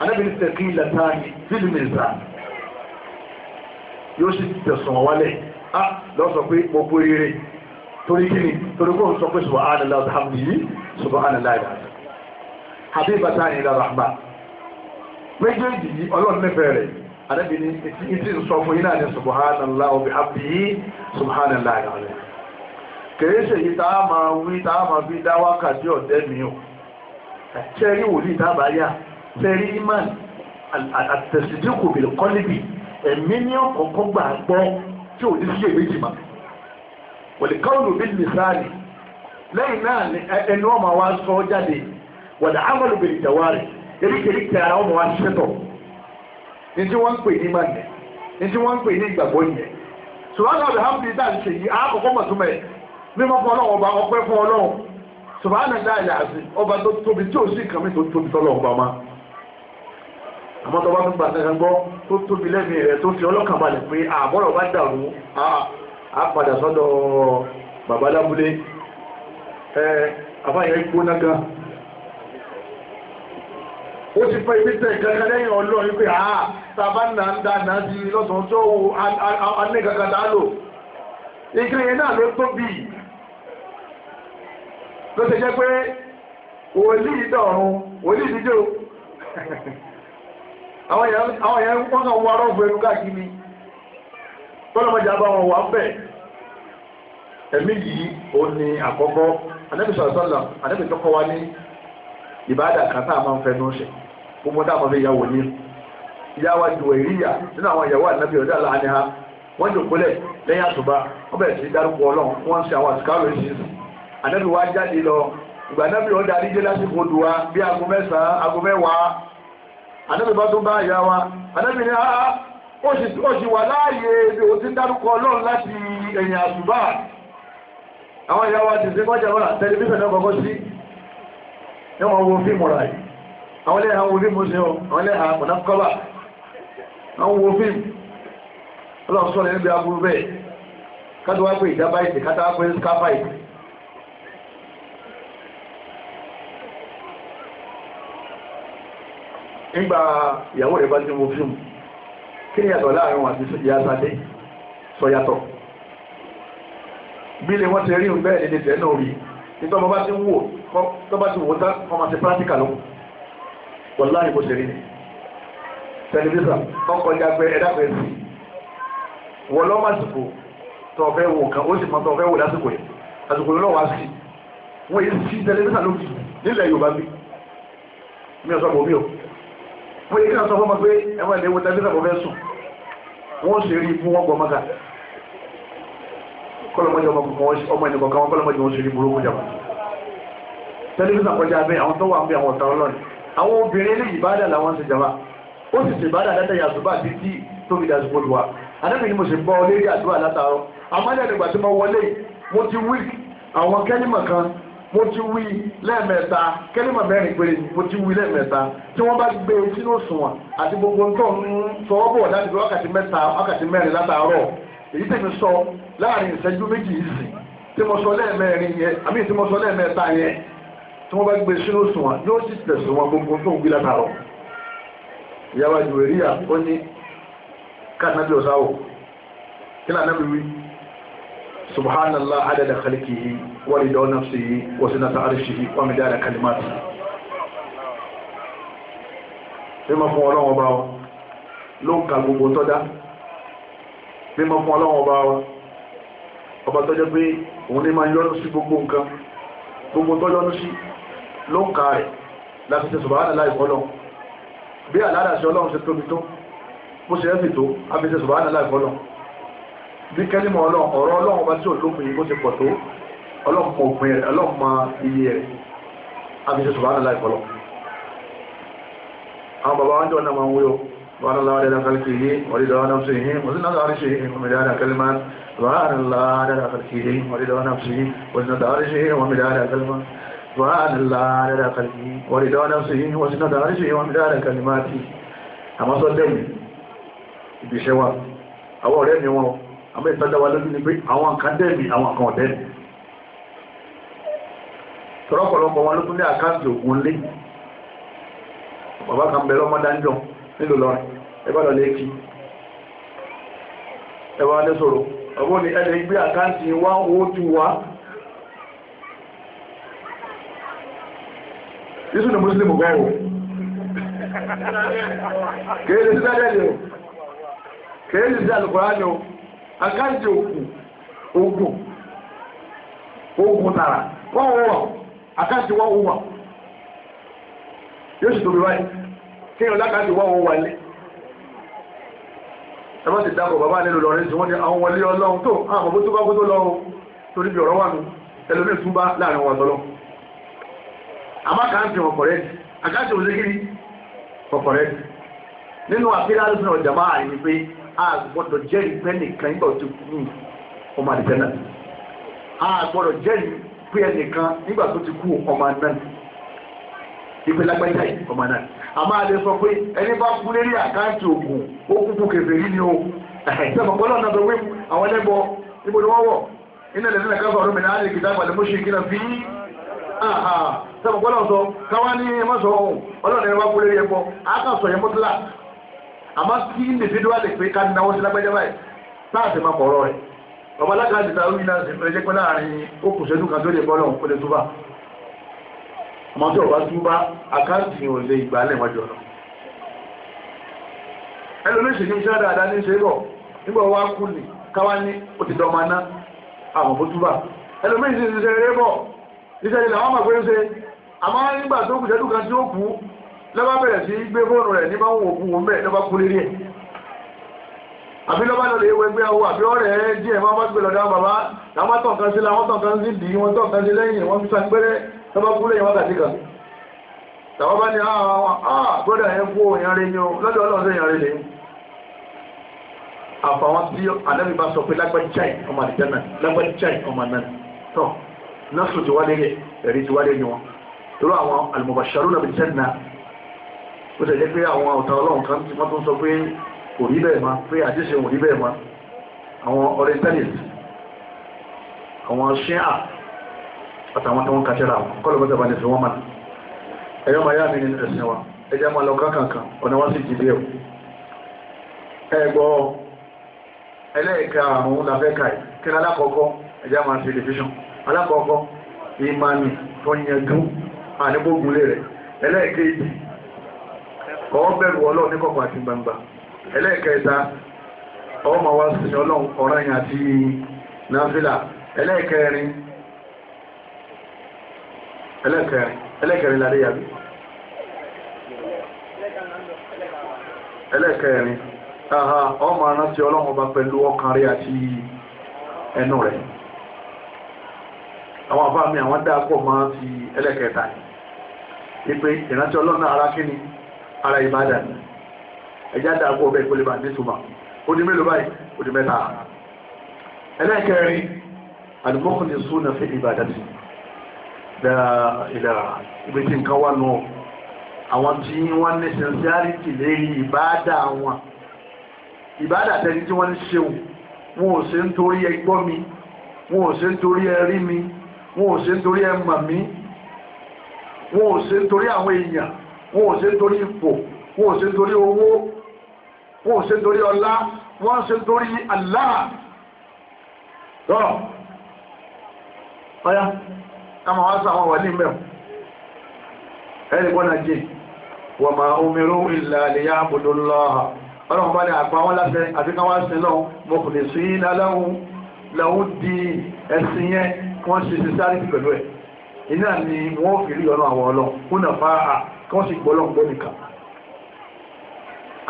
anábìrin tẹ̀kí ìlàtàní fílímìsà habibata ila rahman méjèèjì yìí ọlọ́run nífẹ̀ẹ́ rẹ̀ àdẹ́bí ní ìtì sọ fún yín náà ní subhanallah wa bihamdihi subhanallah ìrọ̀lẹ́ kèé ṣe yìí tá a máa wí tá a máa fi dá wákàtí ọ̀dẹ́ mi o ṣẹ́rí wòlíì tábà yá ṣẹ́rí imán àtẹ̀sídíkù bìlẹ̀ kọ́líbì ẹ̀mí ní ọ̀kọ̀ọ̀kọ́ gbà gbọ́ tí ò ní sí èméjì mà wọ̀lẹ̀káwùlù bí nìsáàlì lẹ́yìn náà ẹni wọ́n máa wá sọ jáde wal-amalu bil-jawarih eríkèríkè ara wọn wá ṣiṣẹ́ tọ̀ ní tí wọ́n ń pè ní ìmọ̀ yẹn ní tí wọ́n ń pè ní ìgbàgbọ́ yẹn subhanahu wa ta'ala bi ṣe yìí àkọ́kọ́ mọ̀túnmọ̀ ẹ̀ fún ọlọ́run ọba ọpẹ́ fún ọlọ́run subhanahu wa ta'ala ọba tó tóbi tí ò sí kàmí tó tóbi ọba ma tó gbà tó tóbi tó fi ọlọ́kàn balẹ̀ bá a padà ẹ gan ó ti fẹ́ ibi tẹ̀ kankan lẹ́yìn ọlọ́run wípé àá tàbá nà ń da nà sí lọ́sànjọ́ wo anẹ́gàgàdà lò ìkiri yẹn náà ló tóbi ló ti jẹ́ pé wòlíì ìdọ̀run wòlíì ìdíjò <laughs> àwọn èèyàn wọ́n kàn wọ́n arọ́gbọ̀ ẹnu káàkiri tọ́lọ́mọjà bá wọn wà bẹ̀ ẹ̀mí yìí ó ní àkọ́kọ́ anẹ́bìsọ̀rọ̀sọ́lọ̀ anẹ́bìsọ̀kọ́ wa ní ìbádà kan tá a máa ń fẹnu ṣe gbogbo dáàmọ́ lè yàwó ní ìyáwá ìwọ̀ ìríyà nínú àwọn ìyàwó ànábì ọ̀dá láàrin ha wọ́n jò kólẹ̀ lẹ́yìn àtùbá wọ́n bẹ̀rẹ̀ sí dárúkọ ọlọ́run wọ́n ń ṣe àwọn àtìkárò ìṣẹ́sì ànábì wá jáde lọ ìgbà ànábì ọ̀dá àdíjẹ́ lásìkò dùwà bí aago mẹ́sàn-án aago mẹ́wàá ànábì bá tó bá ìyá wa ànábì ní áá ó sì wà láàyè bí o ti dárúkọ ọlọ́run láti ẹ̀yìn àtùbá àwọn ìyá wa ti sí mọ́jà wọn tẹlifíṣàn náà kọ́kọ́ sí ẹ̀wọ̀n wo fíìmù rà yìí àwọn ilé àwọn orí mọ́sí ọ àwọn ilé àwọn ọ̀nà kọ́bà àwọn wo fíìmù ọlọ́run sọ́rọ̀ níbi aburú bẹ́ẹ̀ kájú wá pé ìjábá ìsì kátà wá pé skáfà ìsì nígbà ìyàwó rẹ̀ bá ti wo fíìmù kí ni yàtọ̀ láàrin wọn àti ìyá sáté sọ yàtọ̀ bí lè wọ́n ti rí bẹ́ẹ̀ nílé tẹ̀ náà rí nítorí wọ́n bá ti wò tán wọ́n wọ́n láì bó ṣe rí tẹlifíṣàn ọkọ̀ ìjà pé ẹ̀dá pé sí wọ́n lọ́ màsìkò tó ọ̀fẹ́ wò kan ó sì mọ́ tó ọ̀fẹ́ wò lásìkò yẹn àsìkò yẹn lọ́wọ́ sí wọ́n yìí sí tẹlifíṣàn lókì nílẹ̀ Yorùbá bí mi ò sọ bò mí o wọ́n yìí kí n sọ fọ́mọ pé ẹ máa lè wo tẹlifíṣàn kò fẹ́ sùn wọ́n ṣe rí fún wọn gbọ́ mọ́ta kọlọmọdé ọmọ ẹnì kọ̀ọ̀kan wọn kọlọmọdé wọn ṣe rí burúkú jàmọ́ tẹlifíṣàn kọjá abẹ́ àwọn tó wà ń bẹ àwọn ọ̀tá ọlọ́rin àwọn obìnrin ní ìbádà làwọn ṣe jama ó sì ṣe ìbádà látàrí àṣùbà títí tó fi dàṣù gbogbo wa adábì ni mo ṣe bọ́ lórí àdúrà látàárọ̀ àmọ́lẹ̀ nígbà tí mo wọlé mo ti wí àwọn kẹ́límà kan mo ti wí lẹ́ẹ̀mẹ́ta kẹ́límà mẹ́rin péré mo ti wí lẹ́ẹ̀mẹ́ta tí wọ́n bá gbé e sínú òṣùwọ̀n àti gbogbo ń tọ́ ń tí wọ́n bá gbé sínú sùnwọ̀n yóò sì tẹ̀sùn wọn gbogbo tó ń gbé látàrọ̀ ìyàwó jùwèríà ó ní káàkiri ọ̀sáwò kí náà nábi wí subhanallah adada khalqihi wa ridha nafsihi wa zinata arshihi wa midada kalimatihi mímọ̀ fún ọlọ́wọ́ bá wọn ló ń ka gbogbo tọ́já mímọ̀ fún ọlọ́wọ́ bá wọn ọba tọ́jọ́ pé òun ní máa yọ́nú sí gbogbo nǹkan gbogbo sí ló ń ka rẹ̀ láti ṣe ṣùgbọ́n aláìfọ́lọ́ bí aládàṣẹ́ ọlọ́run ṣe tóbi tó bó ṣe ẹ́sì tó a fi ṣe ṣùgbọ́n aláìfọ́lọ́ bí kẹ́límọ̀ ọlọ́run ọ̀rọ̀ ọlọ́run bá tí ò lópin yìí bó ṣe pọ̀ tó ọlọ́run mọ iye rẹ̀ a fi ṣe ṣùgbọ́n aláìfọ́lọ́ àwọn bàbá wọn jọ náà máa ń wúyọ سبحان الله عدد خلقه ورضا نفسه وزنة عرشه ومداد كلمات سبحان الله عدد خلقه ورضا نفسه وزنة عرشه ومداد كلمات سبحان الله عدد قلبي ورضا نفسه وزنة عرشه ومدار كلماته àmọ́ sọ́dẹ̀mì ìbìṣẹ́ wa àwọn ọ̀rẹ́ ni wọn àmọ́ ìtọ́jáwà lójú ni pé àwọn kan dẹ̀mì àwọn kan ọ̀dẹ́mì tọ́rọpọ̀lọpọ̀ wọn ló tún ní àkáǹtì ògùn lé bàbá kan bẹ̀rẹ̀ ọmọdánjọ́ nílò lọ ẹbá lọ lẹ́kí ẹbá lẹ́sọ̀rọ̀ ọgbọ́n ni ẹni gbé àkáǹtì wá owó tí wá yíṣù ní mùsùlùmù gan o kèé lè sílẹ̀ lè o kèé lè sílẹ̀ alùpùpù lè o àkáǹtì òkun ogun ogun tààrà wọ́n wọ́n àkáǹtì wọ́n wọ́n yóò sì tóbi báyìí kí èèyàn lákàtí wọ́n wọ́n wọlé ẹmọ́ ti dákọ̀ bàbá nílò lọ́rin tí wọ́n ní àwọn wọlé ọlọ́run tó àwọn ọmọ tó bá kó tó lọ́run torí bí ọ̀rọ̀ wà nù ẹlòmí ìtúbá láàrin wọn tọ́lọ́run àmákàntì ọ̀kọ̀rẹ́ àkáǹtì òṣèkiri ọ̀kọ̀rẹ́ nínú àfihàn sínú ọ̀jàmá àìní pé a gbọ́dọ̀ jẹ́rìí pé nìkan nígbà tó kú ọmọ àdìsẹ́nà a gbọ́dọ̀ jẹ́rìí pé ẹnìkan nígbà tó ti kú ọmọ náà ìpè lágbàáyà yìí ọmọ náà a máa lè sọ pé ẹni bá kú lérí àkáǹtì ògùn ó kú kú kẹfẹ́ yìí ni ó ẹ̀ẹ́dẹ́gbọ̀n pọ́lọ́ náà lọ wé àwọn ẹlẹ́bọ níbo ni wọ́n wọ̀ iná lẹ́sìn sẹ́mọ̀ gbọ́dọ̀ sọ káwá ní ẹmọ́ sọ ohun ọlọ́run ẹ̀rọ wákúrẹ́ yẹn bọ́ àákà sọ yẹn mọ́tòlá àmọ́ kí individual pé ká ní náwó sí lágbẹ́jẹ́ báyìí táàsì máa kọ̀ọ̀rọ̀ rẹ̀ ọba alákàtì tàbí ní náà sì fẹ́ jẹ́ pé láàrin okùn ṣẹ́dún kan tó lè bọ́ lọ́hùn kó lè túbà àmọ́ tí ọba túbà àkáǹtì ò lè ìgbà lẹ̀ wájú ọ̀nà ẹlòmíṣì ní iṣẹ́ dáadáa ní ṣe rọ̀ nígbà wá kú ní káwá ní ó ti dọ́mọ ná àwọn bó túbà ẹlòmíṣì ní ṣe rẹ́ bọ̀ níṣẹ́ ni làwọn àmọ̀ ṣe àmọ́ nígbà tó kù ṣẹ́dù kan tí ó kú lọ́bá bẹ̀rẹ̀ sí gbé fóònù rẹ̀ nígbà wọn òkú wọn bẹ̀ lọ́bá kú lérí ẹ̀ àbí lọ́bá lọ lè wọ ẹgbẹ́ awọ àbí ọ̀rẹ́ díẹ̀ máa bá gbé lọ́dá bàbá làwọn tàn kan sí làwọn tàn kan sí dì wọn tàn kan sí lẹ́yìn wọn fífa gbẹ́rẹ́ lọ́bá kú lẹ́yìn wákàtí kan tàwọn bá ní àbúrò ah, ah, ah, yẹn kú òyìn rẹ̀ yẹn lọ́dọ̀ ọlọ́run yẹn rẹ̀ lẹ́yìn àfàwọn tí ànábì bá sọ pé lágbàjáì ọmọ àdìjẹ́ náà lágbàjáì ọmọ náà tọ́ náà sùn ti wá lérí ẹ̀rí ti wá lérí wọn irú àwọn al-mubashsharuna bil-janna ó sì jẹ́ pé àwọn ọ̀tá ọlọ́run kan tí wọ́n tún sọ pé kò rí bẹ́ẹ̀ ma pé àdíṣe òun rí bẹ́ẹ̀ ma àwọn orientalist àwọn ṣíà àtàwọn tó ń kàtẹ́ra wọn kọ́lọ̀ mẹ́ta bá ní fi wọ́n mọ́nà ẹ̀yọ́ ma yá mi àníbógunlé rẹ̀ ẹlẹ́ẹ̀kejì kọ́ bẹ̀rù ọlọ́run ní àti gbangba ẹlẹ́ẹ̀kẹta ọmọ wa sí ọlọ́run ọ̀ranyàn àti náfílà ẹlẹ́ẹ̀kẹrin ẹlẹ́ẹ̀kẹrin ẹlẹ́ẹ̀kẹrin ẹlẹ́ẹ̀kẹrin àhà ọmọ aránsí ọlọ́run ọba pẹ̀lú ọkàn rẹ̀ àti ẹnu rẹ̀ àwọn àbá àwọn dáa máa ti wípé ìrántí ọlọ́run ara kí ni ara ìbádà ni ẹjá dàgbò ọbẹ̀ ìpele bá nítumà ó di mélòó báyìí ó di mẹ́ta ẹlẹ́ẹ̀kẹrin àdìmọ́kùn ní sún náà fi ìbádà sí ìlera ibi tí nǹkan wà nù àwọn tí wọ́n ní wọn ò ṣe nítorí àwọn èèyàn wọn ò ṣe nítorí ipò wọn ò ṣe nítorí owó wọn ò ṣe nítorí ọlá wọn ò ṣe nítorí Allah tọ́rọ̀ ọ̀yá kama wá sáwọn wà ní mẹ́rin ẹni gbọ́nà jẹ́ wọ́n ma omiru illa liya'budullaha ọlọ́run bá ní àpá iná ni wọ́n fi rí ọ̀nà àwọn ọlọ́run kúnà fáà kí wọ́n sì gbọ́lọ́n gbọ́ nìkan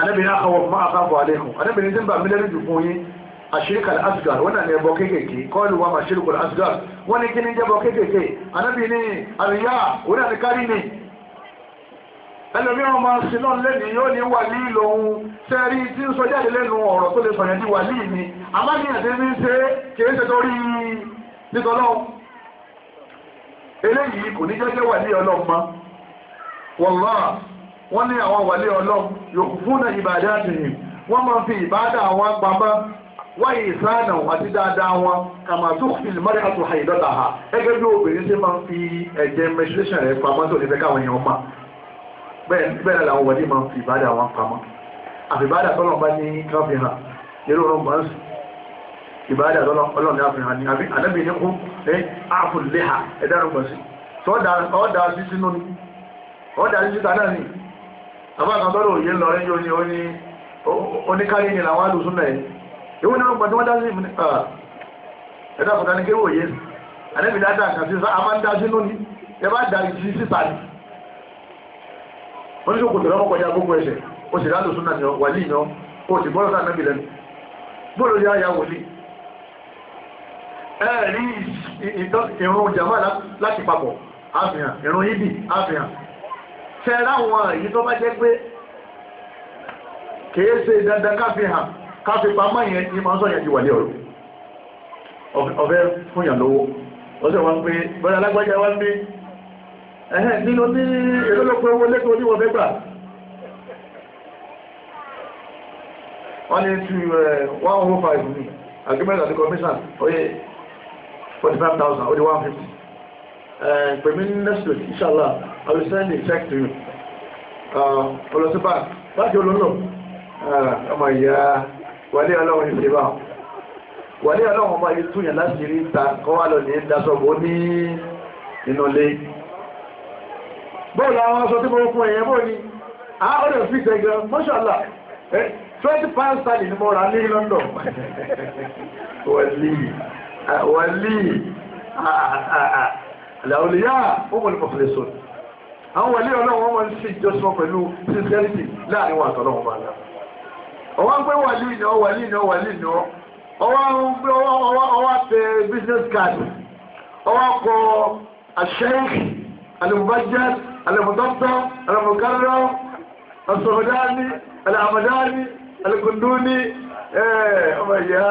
anábìnrin akọwọ́ fún akábọ̀ alẹ́kùn anábìnrin tí ń bà mí jù fún yín àṣíríkà asgar wọ́n náà ní ẹbọ kéékèèké kọ́ọ̀lù wa àṣíríkà asgar wọ́n ní kí ní wọ́n ni ẹlòmí ọmọ sinọ́ lẹ́nu yóò ní wàlí lòun sẹ́rí tí ń sọ jáde eléyìí kò ní jẹ́jẹ́ wà ní ọlọ́run mọ́ wọ́nlá wọ́n ní àwọn wà ní ọlọ́run yòókù fún ìbàdá tìyìn wọ́n máa fi ìbàdá wọn pamọ́ wáyé ìsáànà àti dáadáa wọn kàmà tó fi mọ́rí àtò àìdọ́ta ha ẹgbẹ́ bí obìnrin tí máa ń fi ẹ̀jẹ̀ menstruation rẹ̀ pamọ́ tó nífẹ̀ẹ́ káwọn èèyàn mà bẹ́ẹ̀ làwọn wọlé máa fi ìbàdá wọn pamọ́ àfi ìbàdá tọ́lọ̀ bá ní káfíhàn nírò ọ̀rọ̀ mọ́sùn ìbáyà lọ́lọ́run ní àfihàn ní àbí ànábì ní kún ní àfùléhà ẹ̀dẹ́rùn gbọ̀nsí tó ọ̀dà sí sínú ni ọ̀dà sí síta náà ni àbá kan tọ́lọ̀ òye lọ rẹ́jọ ni ó ní oníkárí ni làwọn alùsùn náà yìí ìwé náà gbọ̀n tí wọ́n dá sí ẹ̀dá fọ̀tà ní kéwò òye ànábì dáadáa kan sí a máa ń dá sínú ni ẹ bá dà sí síta ni wọ́n ní sọ́kùtù lọ́mọ kọjá gbogbo ẹsẹ̀ ó sì dá alùsùn náà ni wàlíì ni ó sì bọ́lọ́ sáà náà bì lẹ́nu bọ́lọ́ yá ya wòlíì ẹ̀rí ìrún jàmọ́ láti papọ̀ àfihàn ìrún ibi àfihàn tẹ́rà wọn èyí tó bá jẹ́ pé kìí ṣe dandan káfihàn káfipá mọ́yẹn ní ma ń sọ́yẹn ti wà ní ọ̀rọ̀ ọ̀fẹ́ fúnyàn lówó ọ̀sẹ̀ wọn pé bọ́dá alágbájá wọn ní ẹ̀hẹ́ nínú ní ìrọ́lọ́pẹ́ owó lẹ́kọ̀ọ́ ní wọ́n fẹ́ gbà wọ́n ní 105 ní agreement àti commission oye forty-five thousand ó di one fifty eh, pèmí next week inshallah I will send a check to you olùsípà eh, láti olóńlò eh, ọmọ ìyá wàlé ọlọ́run ìfẹ́ bá wàlé ọlọ́run ọmọ yìí túnyàn láti rí ta kọ́ wà lọ ní dasọ́bọ̀ ní inú ilé bọ́ọ̀lù àwọn aṣọ tí mo fún ẹ̀yẹ bọ́ọ̀ ni a ó lè mọ́ṣọ́lá twenty pounds sterling ni mo rà ní London <laughs> wọ́n wàlí àlàúlìyà ọmọlù mọ̀fẹ́lẹ́sọ̀ àwọn wàlí ọlọ́wọ́ wọ́n sì jọ́sọ́ pẹ̀lú sincerity láàrin wà tọ́lọ́wọ́ bá lá ọwá ń pẹ́ wàlí ìná wàlí ìná wàlí ìná ọwá ń pẹ́ ọwá tẹ business card ọwá kọ àṣẹ́yìn alìmọ̀bájẹ́ alìmọ̀dọ́tọ́ alìmọ̀kárọ́ asọ̀rọ̀dáni alàmọ̀dáni alìkùndúni ẹ̀ẹ́ eh, ọmọ ìyá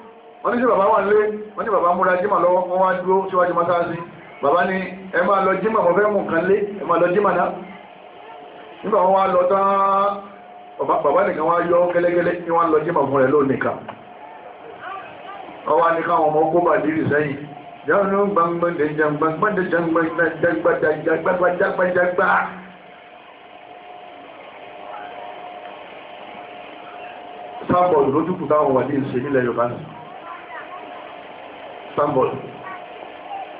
wọ́n ní sí bàbá wà nílé wọ́n ní bàbá múra jímà lọ́wọ́ wọ́n wá dúró síwájú mọ́sáàsì bàbá ní ẹ máa lọ jímà mọ́ fẹ́ mú nǹkan lé ẹ máa lọ jímà náà nígbà wọn wá lọ tán bàbá nìkan wá yọ kẹ́lẹ́kẹ́lẹ́ ní wọ́n lọ jímà fún rẹ̀ lóò nìkan ọwá ní káwọn ọmọ kó bà dìrì sẹ́yìn jáwọn gbàngbàndé jàngbàndé jàngbàndé sambol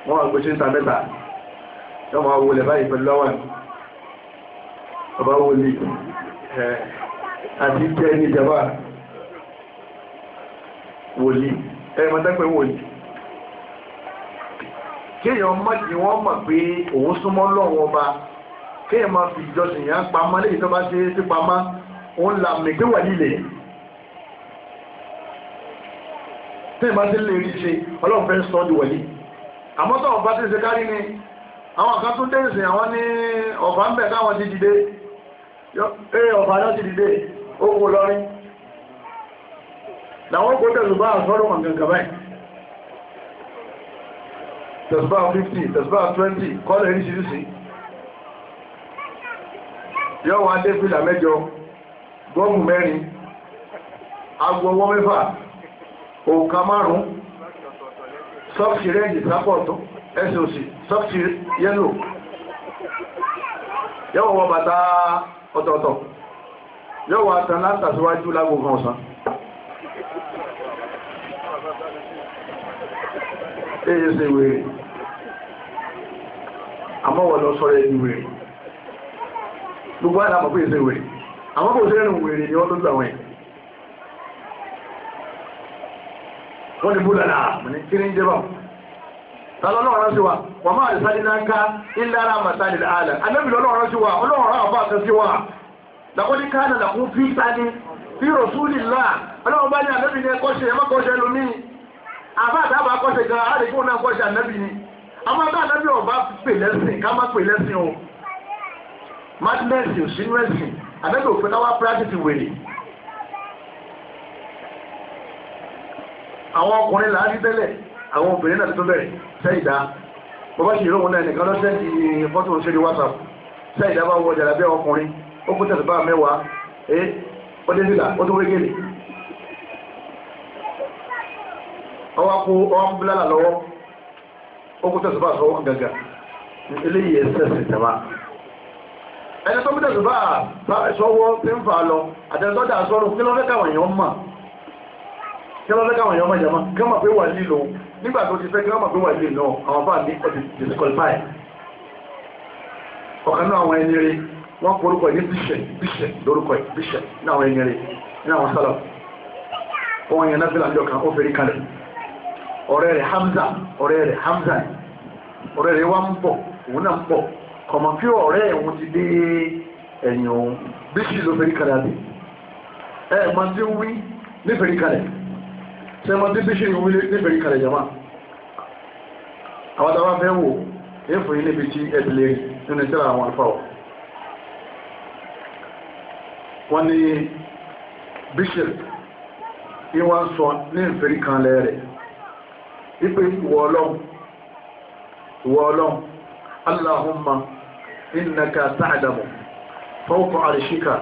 wọ́n wà gbéṣẹ́ ìta mẹ́ta yọ́n máa wọlé báyìí pẹ̀lú lọ́wọ́n ọba wọlé àti tẹ́ ní ìjọba wòlí ẹ̀mọ̀tẹ́pẹ̀ wòlí kéèyàn mọ́kí wọ́n mọ̀ pé òun súnmọ́ lọ́wọ́ ọba kéèyàn máa fi ìjọsìn yàn pamọ́ léyìí tó bá ṣe é sí pamọ́ òun làmì pé wà nílẹ̀ tí ìbá ti lè rí ṣe ọlọ́run fẹ́ sọ di wọ̀lí àmọ́ tó ọba ti ṣe kárí ni àwọn kan tó dẹ́sìn àwọn ní ọba ń bẹ̀ káwọn ti dìde ẹ ọba náà ti dìde ó kó lọrin làwọn kò tẹ̀sù bá àṣọ́rọ̀ wọn gangan báyìí tẹ̀sù bá 50 tẹ̀sù bá 20 kọ́lẹ̀ rí ṣiríṣi yọ́ wọn adé fìlà mẹ́jọ gọ́ọ̀mù mẹ́rin agbọ̀wọ́ mẹ́fà òǹkà márùn-ún sọ́ọ̀sì rẹ́ǹdì sápọ̀tún ẹsẹ̀ òsì sọ́ọ̀sì yẹ́lò yọ́wọ́ wọ bàtà ọ̀tọ̀ọ̀tọ̀ yọ́wọ́ àtàn látàsíwájú lágbogbo ọ̀sán èyí sí wèrè àmọ́wọ̀ lọ sọ́rọ̀ ẹni wèrè gbogbo àdàmọ̀ pé èsè wèrè àmọ́kò sí ẹnu wèrè ni wọ́n tó gbà wọ́n wọ́n ni búlọ̀lá ní kí ní jẹ́ báwọn tàlọ́lọ́rọ̀ sí wa wà máa ìsáyé náà ká ìlára màtàlì ààlẹ̀ anábìlọ́lọ́rọ̀ sí wa ọlọ́rọ̀ àbáṣẹ́ sí wa làkọ́dí káàdà làkún fi sáni fi rọ̀súlì láà ọlọ́run bá ní ànábì ní ẹkọ́ṣe ẹmọ́kọ́ṣe lómi àbáàdábà kọ́ṣe gan àríkún náà kọ́ṣe ànábì ni àmọ́ bá ànábì ọba pè lẹ́sìn ká má pè lẹ́sìn o madness ò sínú ẹ̀sìn ànábì òfin náà wá practice wèrè àwọn ọkùnrin là ń rí tẹ́lẹ̀ àwọn obìnrin náà tó bẹ̀rẹ̀ sẹ́ìdá bọ́bá ṣe ìrọ̀wọ̀n náà nìkan lọ́sẹ̀ ti fọ́tò ṣe ní whatsapp sẹ́ìdá bá wọ jàlábẹ́ ọkùnrin ó kú tẹ̀sùbá mẹ́wàá eh ó dé sílà ó tó wé gèlè ọwá kú ọwá ń bílálà lọ́wọ́ ó kú tẹ̀sùbá sọ gàgà eléyìí ẹsẹ̀ sì tẹ̀wá ẹni tó kú tẹ̀sùbá sọ́wọ́ tí ń fà lọ àtẹ̀sọ́dà sọ́rùn kí lọ́fẹ́ káwọn kí lọ́dọ́ káwọn èèyàn máa yàmá gánmà pé wà lílo nígbà tó ti fẹ́ gánmà pé wà lílo náà àwọn bá ní ọdún disqualify ọ̀kan náà àwọn ẹni rí wọ́n porúkọ ní bíṣẹ̀ bíṣẹ̀ lórúkọ bíṣẹ̀ náà àwọn ẹni rí ní àwọn sálọ̀ wọ́n yẹn náà fílàndì ọ̀kan ó fẹ́rí kalẹ̀ ọ̀rẹ́ rẹ̀ Hamza ọ̀rẹ́ rẹ̀ Hamza ọ̀rẹ́ rẹ̀ wá ń bọ̀ òun náà ń bọ̀ kọ̀mọ̀ kí ọ̀rẹ́ òun ti dé ẹ̀yìn òun bíṣì ló fẹ́rí kalẹ̀ wí ní fẹ́rí kalẹ̀ tẹ́ mọ́ bí bíṣẹ́ ìwé níbẹ̀rí kalẹ̀ jama àwọn tàbá fẹ́ wò éfò yìí níbi tí ẹ̀dìlẹ̀ nínú tẹ́lá àwọn alfáwọ̀ wọ́n ni bíṣẹ́ ìwà ń sọ ní allahumma innaka ta'lamu fawqa arshika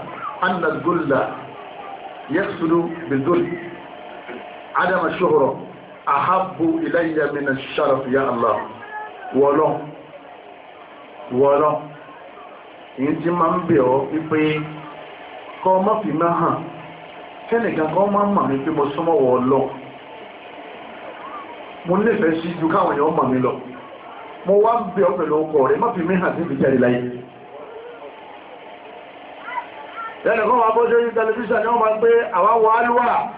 anna dhulla yasulu bi dhull adam ash a ahabbu ilayya min sharaf ya allah Wọlọ, wọlọ, èyí tí máa ń bẹ̀ ọ́ wípé kọ́ ma fi máa hàn kẹ́nìkan kọ́ máa ń mà pé mo súnmọ́ wọ́ lọ mo nífẹ̀ẹ́ sí ju káwọn èèyàn mà mí lọ mo wá ń ọ pẹ̀lú fi hàn jáde láyé wà bọ́jọ́ tẹlifíṣàn wọ́n máa ń àwa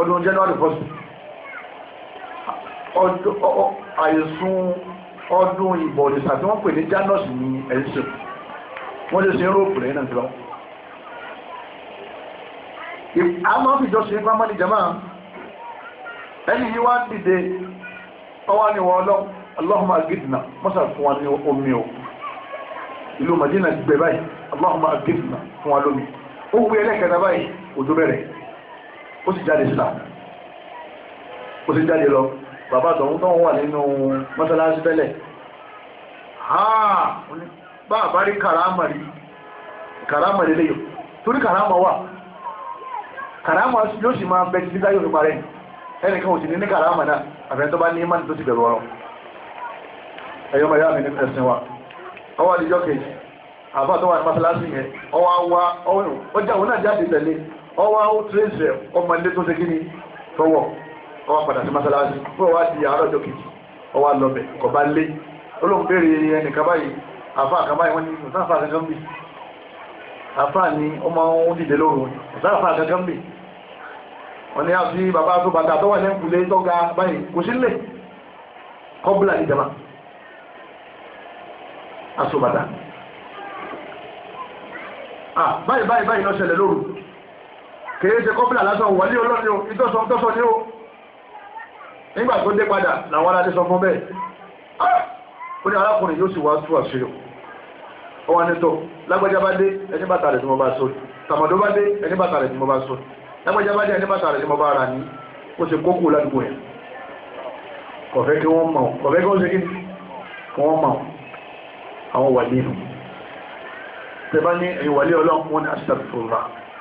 ọdún january 1st àìsùn ọdún ìbọ̀dìsà tí wọ́n pè ní janus ní ẹ̀ṣẹ̀ wọ́n lè ṣe europe rẹ̀ náà lọ a máa fi jọ́sí ipá mọ́ni jama ẹni yí wá dìde ọwá ni wọ́n lọ allahumma agidna mọ́sà fún wa ní omi o ìlú madina gbẹ báyìí allahumma agidna fún wa lómi ó wú ẹlẹ́kẹ̀ẹ́ta báyìí òjò bẹ̀rẹ̀ ó sì jáde síta ó sì jáde lọ bàbá tọ̀hún tọ́wọ́ wà nínú mọ́sálásí tẹ́lẹ̀ bá àbá rí kàrámà rí kàrámà lè léyò torí kàrámà wà kàrámà yóò sì máa bẹ títí dáyò nípa rẹ̀ ẹnìkan ò sì ní ní kàrámà náà àfẹ́ tó bá ní ìmánì tó ti bẹ̀rù ọ̀rọ̀ ẹ̀yọ́ mẹ́rin àmì nípa ẹ̀sìn wa ọwọ́ àdíjọ́ kejì àbá tó wà ní mọ́sálásí yẹn ọwọ́ àwọ́ ọjà òun náà jáde tẹ̀lé ọwọ́ ó tírẹ́sẹ̀ ọmọ ilé tó ṣe kí ni tọwọ́ ọwọ́ padà sí masalasi fún ọwọ́ di àárọ̀ jọ kejì lọ́bẹ̀ kọ̀ lé olóhùn bèèrè ẹnìkan báyìí àfáà wọ́n ní mùsáfà kankan bì ni ọmọ òun dìde lóòrùn mùsáfà kankan bì wọ́n ní àfi bàbá tó bàtà tó wà lẹ́kùnlé tó ga báyìí kò sí lè kọ́bùlà ìjàmà àṣọ bàtà ah, báyìí kìí ṣe kọ́pìlà lásán wọlé olóòní o ìtọ́sọ tọ́sọ ní o nígbà tó dé padà làwọn aládé sọ fún bẹ́ẹ̀ ah! ó ní arákùnrin yóò sì wá tú àṣírí ó wá nítọ́ lágbàjá bá dé ẹni bàtà rẹ̀ tí mo bá sọ tàmàdó bá dé ẹni bàtà rẹ̀ tí mo bá sọ lágbàjá bá dé ẹni bàtà rẹ̀ tí mo bá rà ní ó ṣe kókó ládùúgbò yẹn kọ̀fẹ́ kí wọ́n mọ̀ kọ̀fẹ́ kí àwọn wà nínú tẹ ní ẹ̀yìn wàlé ọlọ́run wọn ni àṣìṣàfihàn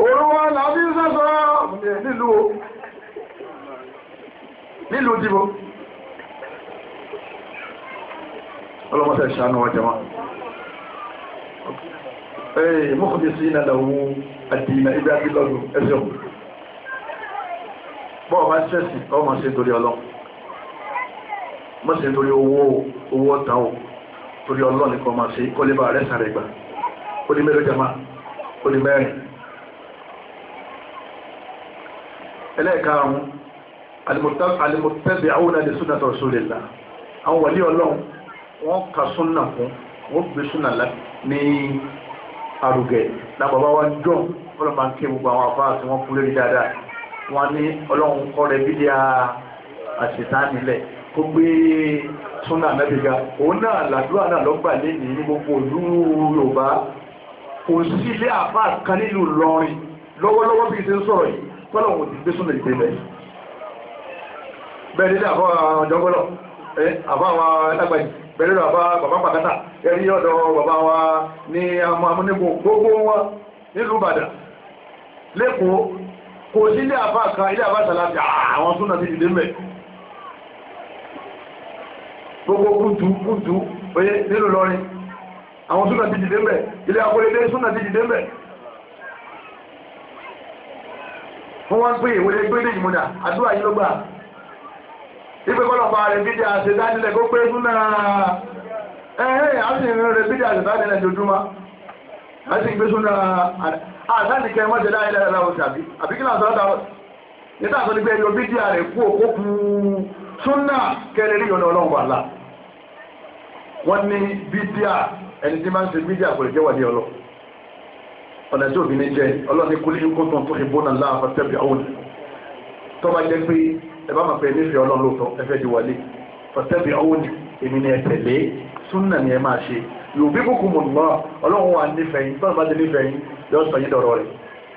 Orúwọ́ làbí sẹ́sọ́ nílùú dìbò. Ọlọ́mọ́sẹ̀ ṣàánú ọjọ́ máa. Ee, mọ́kànlẹ̀ sí ìnà lọ́wọ́ àdìyàn ibi àdìlọ́dún ẹ̀ṣẹ́ òun. Bọ́ọ̀ bá ṣẹ́sì ọmọ ṣe torí ọlọ́run. Mọ́ ṣe torí owó ọ̀tá o, máa ṣe kọ́lébà rẹ̀ sàrẹ̀gbà. Ó ní mẹ́rin jama, ó ní mẹ́rin. ẹlẹ́ẹ̀karùn-ún alimọ̀tẹ́bẹ̀ẹ́wọ́nà lè súnà tọ̀rọ̀ sórí ìlà àwọn wàlí ọlọ́run wọ́n ka súnà fún wọ́n gbé súnà ní arugẹ̀ lábàbá wa jọ ọlọ́run máa ń ké gbogbo àwọn afá àti wọ́n kú lórí dáadáa wọ́n ní ọlọ́run kọ́ rẹ̀ bí díà àṣetá nílẹ̀ kó gbé súnà mẹ́bìgá òun náà làdúrà náà ti ń sọ̀rọ̀ yìí kọ́lọ̀ wọ́n ti gbé súnlẹ̀ ìpé ilẹ̀ bẹ́ẹ̀ nílẹ̀ àbá ọjọ́gbọ́lọ̀ àbá wa lágbàáyì bẹ́ẹ̀ nílẹ̀ àbá bàbá pàkátà ẹ̀rí ọ̀dọ̀ bàbá wa ní amúnigun gbogbo wọn nílùú bàdà lẹ́kọ̀ọ́ kò sí ilé àbá kan ilé àbá sàlájà àwọn súnà ti dìde mẹ́ gbogbo kúntù kúntù oyé nílùú lọrin àwọn súnà ti dìde mẹ́ ilé akọ́lẹ́dẹ́ súnà ti dìde mẹ́ wọ́n wá ń pè ìwé gbédè ìmúdà àdúrà yìí ló gbà ipe kọlọpàá rẹ̀ bídí àṣẹ dánilẹ̀ kó pé súnà ẹ̀hẹ́ àṣìrìn rẹ̀ bídí àṣẹ dánilẹ̀ jojúmọ́ àti ìgbé súnà àṣánìkẹ́ mọ́jẹ̀ dánilẹ̀ rẹ̀ láwọn tàbí àbíkílà sọ́dá níta àtọ́ni pé yóò bídí rẹ̀ kú òkú súnà kẹrẹrí ọ̀nà ọlọ́run wà ọ̀nà tí òbí ní jẹ́ ọlọ́ni kú ní kó tán tó fi bó náà láàfà tẹ́bí àwọn tó bá jẹ́ pé ẹ bá máa fẹ́ nífẹ̀ẹ́ ọlọ́run lóòótọ́ ẹ fẹ́ di wàlé fọ́tẹ́bí àwọn èmi ni ẹ tẹ̀lé súnà ni ẹ máa ṣe yòòbí kúkú mọ̀ nígbà ọlọ́run wà nífẹ̀ẹ́ yín tọ́nà bá ti nífẹ̀ẹ́ yín yọ sọ yín dọ̀rọ̀ rẹ̀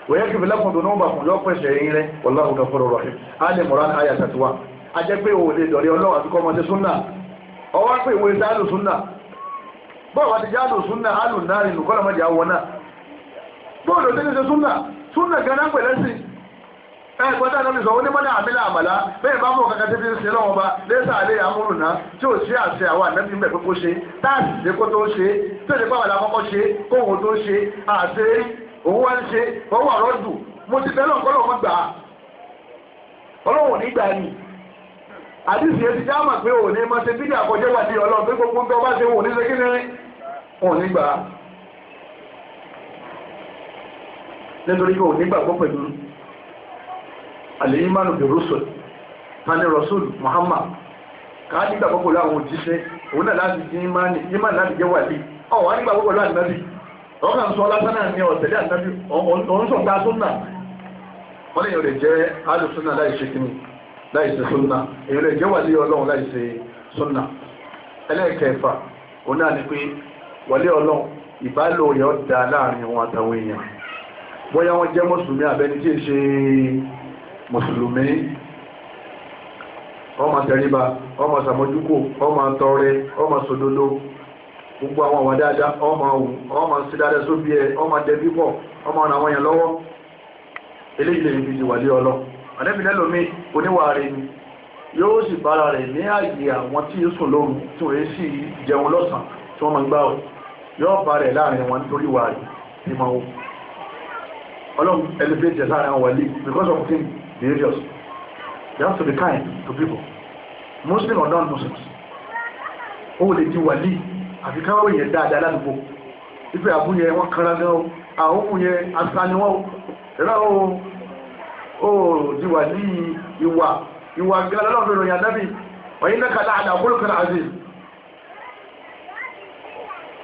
wòye kí fìlẹ́kùn dùn náà fún lọ́pọ̀ ẹ̀ṣẹ̀ yín rẹ̀ bóòlù tó ní ṣe súnà súnà ganan pẹ̀lẹ́ sí ẹgbẹ́ta náà ní sọ ó ní mọ́nà àmìlà àmàlà bẹ́ẹ̀ bá mọ̀ kankan tí fi ń ṣe lọ́wọ́ bá lẹ́sà alẹ́ àmúrù náà tí ò sí àṣẹ àwọn ànábì mẹ́ kókó ṣe táàsì ṣe kó tó ṣe tó ṣe pàwàlà kọ́kọ́ ṣe kóhun tó ṣe àṣẹ òun wá ń ṣe òun wà rọ́dù mo ti fẹ́ lọ́nkọ́ lọ́wọ́ gbà á ọlọ́wọ́ nígbà ni àdìsí ẹni já mà pé òun ní mọ́ ṣe bídí àkọjẹ́ wà ní ọlọ́run pé gbogbo ń bẹ́ ọ nítorí kò nígbàgbọ́ pẹ̀lú àlèyìnmánu bí rọ́sùl tani rọ́sùl Muhammad káà nígbàgbọ́ pẹ̀lú àwọn òjíṣẹ́ òun náà láti jí ìmáni láti jẹ́ wàlí ọ̀wọ́n nígbàgbọ́ pẹ̀lú ànábì ọ̀gá ń sọ lásán ní ọ̀tẹ̀lẹ́ ànábì òun sọ gba súnà bóyá wọ́n jẹ́ mùsùlùmí àbẹ́ni tí è ṣe mùsùlùmí ọmọ tẹríba ọmọ sàmójúkò ọmọ tọrẹ ọmọ sòdodo gbogbo àwọn àwọn dáadáa ọmọ ohun ọmọ sí dáadáa sóbi ẹ ọmọ dẹbí pọ̀ ọmọ ọ̀nà àwọn èèyàn lọ́wọ́ eléyìí lè fi wà lé ọlọ́ àdẹ́bìnrin lómi oníwà rẹ̀ ni yóò sì bára rẹ̀ ní àyè àwọn tí sùn lóru tí wọ́n sì jẹun lọ́sàn tí wọ́n máa gbá ọ yóò bá rẹ̀ láàrin wọn nítorí wà rẹ̀ ní máa wọ́n Ọlọ́run elevate ẹ̀ láàrin àwọn wàlí because of things behaviors they have to be kind to people muslim or non-muslims ó lè di wàlí àfi káwọ́ yẹn dáadáa ládùúgbò ipe àbúyẹ wọn kanra gan o àwọn òun yẹn asani wọn o ẹ̀rọ o ó di wàlí ìwà ìwà gbẹ́lẹ́ lọ́dọ̀ ìròyìn àdábì ọ̀yìn náà kàlá àdàkúrò kan àzìz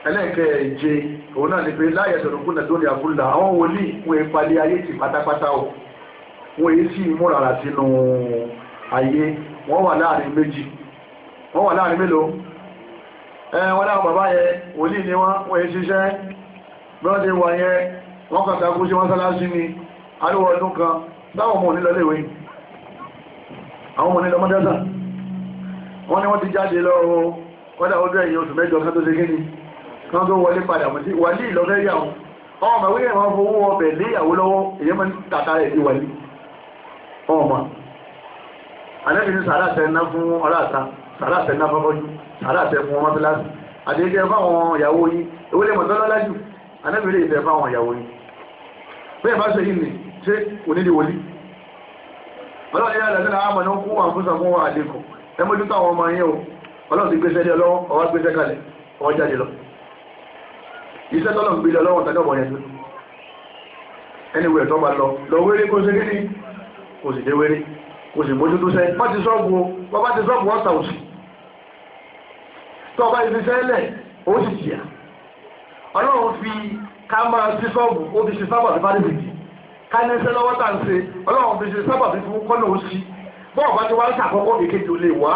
ẹlẹ́ẹ̀kẹ́ẹ̀je òun náà ni pé láyẹ̀ tọ̀nù kúnnà tó ní àbúlà àwọn wòlíì wọ́n ń palẹ̀ ayé ti pátápátá o wọ́n èyí sí ìmúrara sínú ayé wọ́n wà láàrin méjì wọ́n wà láàrin mélòó ẹ wọ́n láwọn bàbá yẹ wòlíì ni wọ́n wọ́n èyí ṣiṣẹ́ bọ́n ti yẹ wọ́n kàn takú sí mọ́sálásí ni ariwo ọdún kan táwọn ọmọ onílọ léwe àwọn ọmọ onílọ mọ́dẹ́sà wọ́n ni wọ́n ti jáde lọ kọ́dà ọdún ẹ̀yìn oṣù mẹ́jọ kan tó ṣe kí ni kan tó wọlé padà mọ̀ sí wàlí ìlọ́fẹ́ yà wọn ọmọ ìwé ìwọ̀n fowó ọbẹ̀ léyàwó lọ́wọ́ èyí mọ́ tàtà rẹ̀ sí wàlí ọmọ alẹ́bí ní sàràtẹ̀ ná fún ọláta sàràtẹ̀ ná fọ́fọ́jú sàràtẹ̀ fún ọmọ tíláàsì àdéjẹ́ fáwọn ìyàwó yìí ewé lè mọ̀tọ́ lọ́lájú alẹ́bí lè tẹ̀ fáwọn ìyàwó yìí bẹ́ẹ̀ bá ṣe yìí nì ṣé onídìí wòlí ọlọ́run ní àlàyé náà àmọ̀ ní ó kú àfúnṣàfún àdékù ẹ mójútó àwọn ọmọ yẹn iṣẹ́ tọ́lọ̀ ń gbílẹ̀ lọ́wọ́ tẹ́lẹ̀ ọmọdé tó ẹniwẹ̀ tó bá lọ lọ wéré kó ṣe nílì kò sì dé wéré kò sì mójú tó sẹ́ bá ti sọ́ọ̀bù wọ́n bá ti sọ́ọ̀bù wọ́n sàwùsì tó bá ti sẹ́lẹ̀ ó sì jìyà ọlọ́run fi ká máa sí sọ́ọ̀bù ó fi ṣe sábà fi fárẹ́ bìtì ká ní iṣẹ́ lọ́wọ́ tà ń ṣe ọlọ́run fi ṣe sábà fi fún kọ́nà òsì bọ́ọ̀ bá ti wá ń ṣàkọ́kọ́ kékeré ò lè wá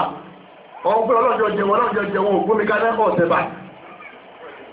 ọ̀hún pé ọlọ́jọ́ jẹun ọlọ́jọ́ jẹun ògbómi ká lẹ́kọ̀ọ́ tẹ́bàá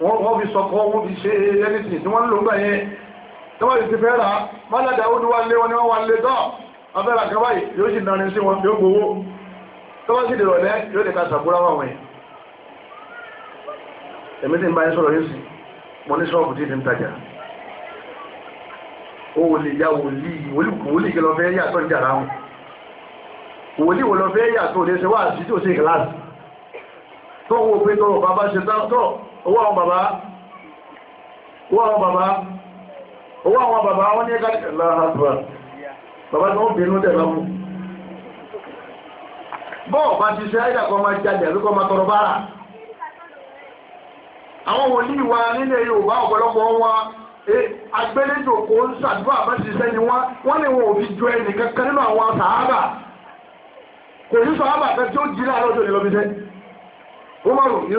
wọ́n fi sọkọ́ wọ́n fi ṣe ẹnìtì tí wọ́n lò ń bẹ̀yẹn tí wọ́n ti fẹ́ rà mọ́lẹ́dà ó dúwà lé wọn ni wọ́n wà lé tọ́ abẹ́rẹ́ àkàbà yóò sì narin sí wọn yóò gbowó tó bá sì dèrò lẹ́ yóò lè ka sàbúrà wọn wọ̀nyẹn èmi tí ń bá yín sọ̀rọ̀ yín sí mo ní sọ́ọ̀bù tí ti ń tajà ó lè ya wòlíì wòlíì kí lọ fẹ́ yàtọ̀ ń jàrá wọn wòlíì wò lọ fẹ́ yàtọ̀ lè ṣe wá àti tí ò sí ìkìláàsì tó wo pé tọrọ bàbá ṣe tán tọrọ owó àwọn bàbá owó àwọn bàbá wọ́n ní ẹgbẹ́ láàrùbà bàbá tó ń bínú tẹ̀lá mú bọ́ọ̀ bá ti ṣe àìdàkọ́ máa jáde àríkọ́ máa tọrọ bára àwọn wòlíì wa nílẹ̀ Yorùbá ọ̀pọ̀lọpọ̀ wọn e, agbẹ́lẹ́jòkó ń ṣàdúrà bá ti ṣẹ́ ni wọ́n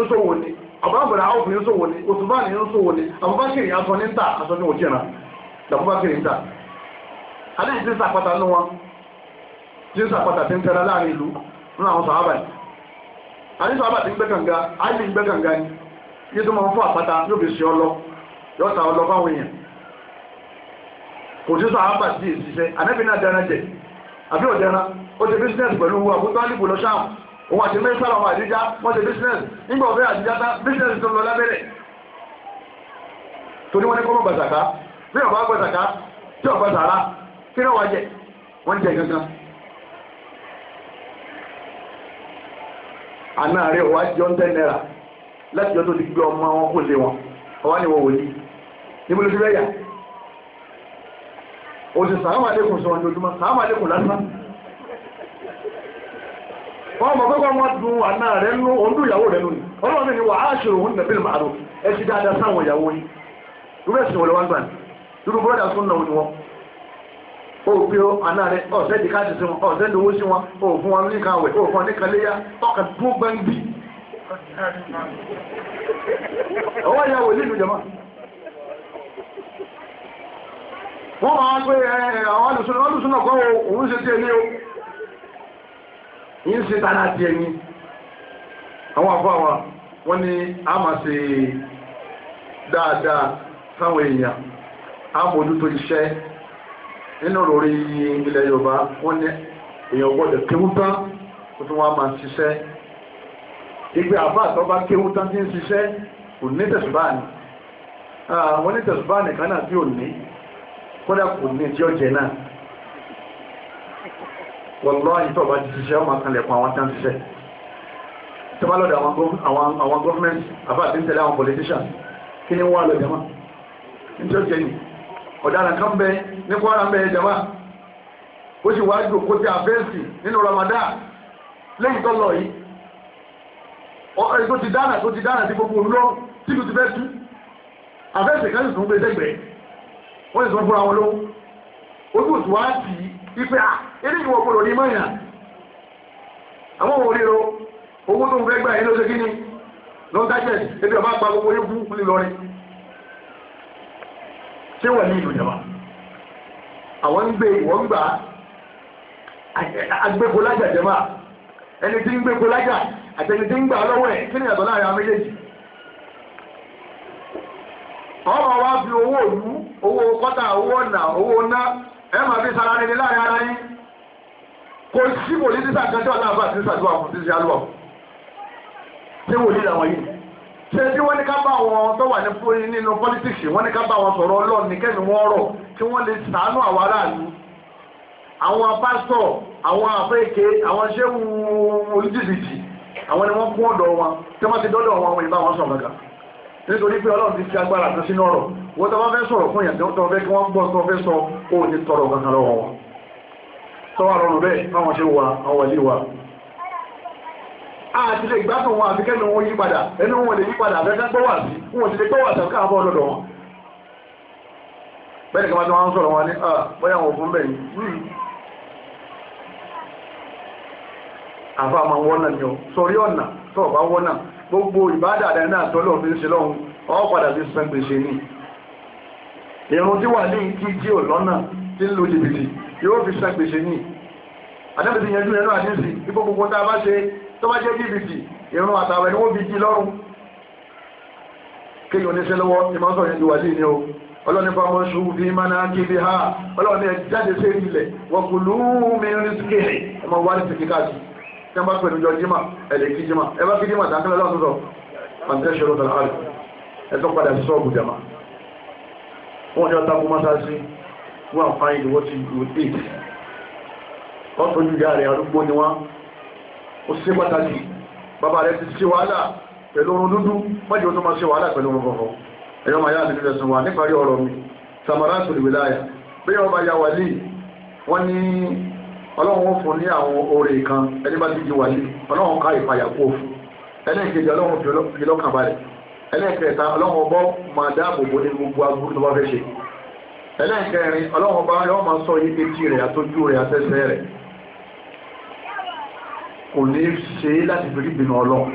wọ́n àbúrábùrà áwùfù ní sòwò ní òtùbá ní sòwò ní àbúbákìrì aṣọ ní ni aṣọ ní òjìnà àbúbákìrì ntà alẹ́ ìdí sàpàtà ní wọn tí ń sàpàtà tí ń tẹ́ra láàrin ilu ní àwọn sàábà yìí àní sàábà tí ń kanga kànga dị mgbe ni yíò tó máa ń fún àpáta yóò fi ọlọ yóò ta ọlọ òun àti mẹ́sàlá ọmọ àdíjá wọ́n ṣe business. nígbà ọ̀fẹ́ àdíjá tá bísínẹ́sì tó lọ lábẹ́rẹ̀ tó ní wọ́n ní kọ́mọ̀ gbàsàká bí ọ̀bá gbàsàká tí ọ̀bá sàrá kí náà wá jẹ wọ́n jẹ gangan àná rẹ̀ wá jọ ń tẹ́ náírà láti jọ tó ti gbé ọmọ wọn kó lé wọn ọwá ni wọ́n wò ní ní múlùú sí rẹ̀ yà òsì sàrámàlékùn sọ̀rọ̀ ní ojúmọ́ sàrámàlékùn lásán wọ́n mọ̀ pẹ́pẹ́ wọ́n dùn àná rẹ̀ nú òǹdù ìyàwó rẹ̀ lónìí ọlọ́run ni wà á ṣe òun nàbí màálù ẹ ti dáadáa sáwọn ìyàwó yìí irú ẹ̀sìn wọlé wọn gbà ní irú bọ́dà tún náà ni wọn ó gbé àná rẹ̀ ọ̀sẹ̀ di káàdì sí wọn ọ̀sẹ̀ di owó sí wọn ó fún wọn ní kan wẹ̀ ó fún wọn ní kan léyà ọkà tó gbẹ́ngbí ọwọ́ ìyàwó nílùú jama wọ́n máa gbé àwọn alùsùn yìí ń ṣe tàà láti ẹ̀yìn àwọn àfáwà wọ́n ní a máa ṣe dáadáa sáwọn èèyàn a mójútó iṣẹ́ nínú lórí ilẹ̀ Yorùbá wọ́n ní èèyàn gbọ́dọ̀ kéwú tó tún wá máa ṣiṣẹ́ ìgbé àbá bá kéwú tí ń ṣiṣẹ́ kò ní ah, ní tí ò ní kò ní tí wọ́lọ́ ìtọ́ bá jíṣẹ́ ọmọ kanlẹ̀kùn àwọn tán ṣiṣẹ́ tí wọ́n lọ́dọ̀ àwọn gọ́ọ̀mẹ́ntì àbáàtí ń tẹ̀lé àwọn politicians kí ni wọ́n lọ jama ní tí ó jẹ́ yìí ọ̀daràn kan bẹ ní Kwara bẹ jama ó sì wá jù kó ti àfẹ́ǹsì nínú Ramadan lẹ́yìn tó lọ yìí ọ̀rẹ́ tó ti dáná tó ti dáná sí gbogbo lọ tí kò ti fẹ́ tú àfẹ́ǹsì kan sì tún gbé sẹ́gbẹ̀ẹ́ wọ́n sì tún fúnra Ife a, ah, ilé ìwọ̀ gbọ́dọ̀ ní mọ́yà àwọn òwò ríro owó tó ń fẹ́ gbà ebi ọba pa gbogbo fún wà ní ìlú àwọn gbé ìwọ̀n gbà lájà jẹba ẹni tí ń lájà àtẹni tí ń gbà lọ́wọ́ ẹ̀ kí ni láàrin ọmọ wa fi owó òlú ẹ máa fi sara nílé láàrin ara yín kò sí wòlí ní sàkájọ́ aláàbà sí sàdúrà fún sí alúwà tí wòlí làwọn yìí ṣe tí wọ́n ní ká bá wọn tó wà nínú pọ́lítíìsì wọ́n ní ká bá wọn sọ̀rọ̀ ọlọ́run ní kẹ́mi wọ́n rọ̀ kí wọ́n lè sàánú àwọn aráàlú àwọn pásítọ̀ àwọn àfẹ́ẹ̀kẹ́ àwọn ṣéwù ni wọ́n kún ọ̀dọ̀ wọn tí wọ́n ti wọ́n tó wọ́n fẹ́ sọ̀rọ̀ fún ìyàtọ̀ tó fẹ́ kí wọ́n gbọ́ tó fẹ́ sọ ó ní tọrọ kankan lọ́wọ́ wọn tó wà rọrùn bẹ́ẹ̀ máwọn ṣe wà àwọn ilé wa àti lè gbádùn wọn àti kẹ́nu wọn yí padà ẹnu wọn lè yí padà fẹ́ká gbọ́ wà sí wọn ti lè gbọ́ wà sí ká àbọ̀ lọ́dọ̀ wọn bẹ́ẹ̀ kí wọ́n hmm. tó wọ́n gbogbo ìbádà rẹ̀ náà tọ́lọ́ fi ń ṣe lọ́hùn ọ́ fi sẹ́gbèsè ní ìrùn tí wà ní kí jí ò lọ́nà tí ń lo jìbìtì yóò fi sàgbèsè ní àdẹ́bìtì yẹn jùlọ náà nísì ipò gbogbo tá a bá ṣe tó bá jẹ́ jìbìtì ìrùn àtàwẹ̀ ni wọ́n fi jí lọ́rùn kéyìn oníṣẹ́ lọ́wọ́ ìmọ̀sán yẹn duwà líì ní o ọlọ́ni fọmọ mana kébí ha ọlọ́ni jáde sí ilẹ̀ wọ̀kùlù mi rí síkè ẹ máa wá ní sìkì káàkiri tí wọ́n bá pẹ̀lú jọ jímà ẹ̀lẹ́ kí jímà ẹ bá kí jímà dákẹ́lẹ́ lọ́sọ̀tọ̀ àǹtẹ́ṣẹ́ lọ́sọ̀tọ̀ àrẹ ẹ̀ tó padà sí sọ́ọ̀bù wọ́n jẹ́ ọ̀tàkù mọ́sáàsí wọ́n fáyé ìwọ́ ti rúté wọ́n tó jù yàrá arúgbó ni wọ́n ó sí pàtàkì bàbá rẹ̀ ti sí wàhálà pẹ̀lú orun dúdú mọ́jì ó tó máa sí wàhálà pẹ̀lú orun kọ̀kọ́ ẹ̀yọ́ máa yára nílẹ̀ sùn wà níparí ọ̀rọ̀ mi samara tó lè láyà bí wọ́n bá ya wàlí wọ́n ní ọlọ́run fún ní àwọn oore kan ẹni bá ti di wàlí ọlọ́run ká ìpayà kó fún ẹlẹ́ẹ̀kejì ọlọ́run fi lọ́kàn balẹ̀ ẹlẹ́ẹ̀kẹta ọlọ́run ọba máa dáàbò bò ní gbogbo agbó tó bá fẹ́ ṣe ẹlẹ́ẹ̀kẹrin ọlọ́run ọba yóò máa sọ yí etí rẹ̀ àtọ́jú rẹ̀ àtẹ́sẹ̀ rẹ̀ kò ní ṣe láti fi ríbìnà ọlọ́run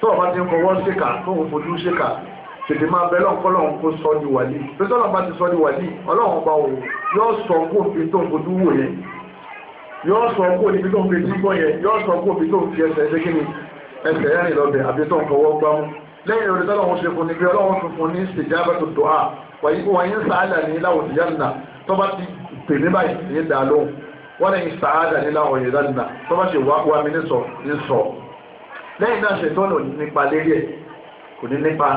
tó ọba ti ń fọwọ́ síkà tó ń fojú síkà tètè máa bẹ lọ́n kọ́lọ́n kó sọ ní wàlí pé tọ́lọ́n bá ti sọ ní wàlí ọlọ́run ọba ò yóò sọ kó fi tó ń fojú wò yẹn yóò sọ kó níbi tó ń fi tí gbọ́ yẹn yóò sọ kó fi tó ń fi ẹsẹ̀ ẹsẹ̀ kí ni ẹsẹ̀ rẹ̀ lọ́bẹ̀ àbí tó ń fọwọ́ gbámú lẹ́yìn orí tọ́lọ́wọ́n ṣe fún ní bí ọlọ́wọ́n fún fún ní ṣèjábẹ́ tó tó à wàyí kó wọ́n yín sàádà ní láwọn ti yánà tó bá ti pè mí báyìí ní dà lóhùn wọ́n lẹ́yìn sàádà ní láwọn yìí yánà tó bá ṣe wá mi ní sọ ní sọ lẹ́yìn náà ṣètọ́nù nípa lérí ẹ̀ kò ní nípa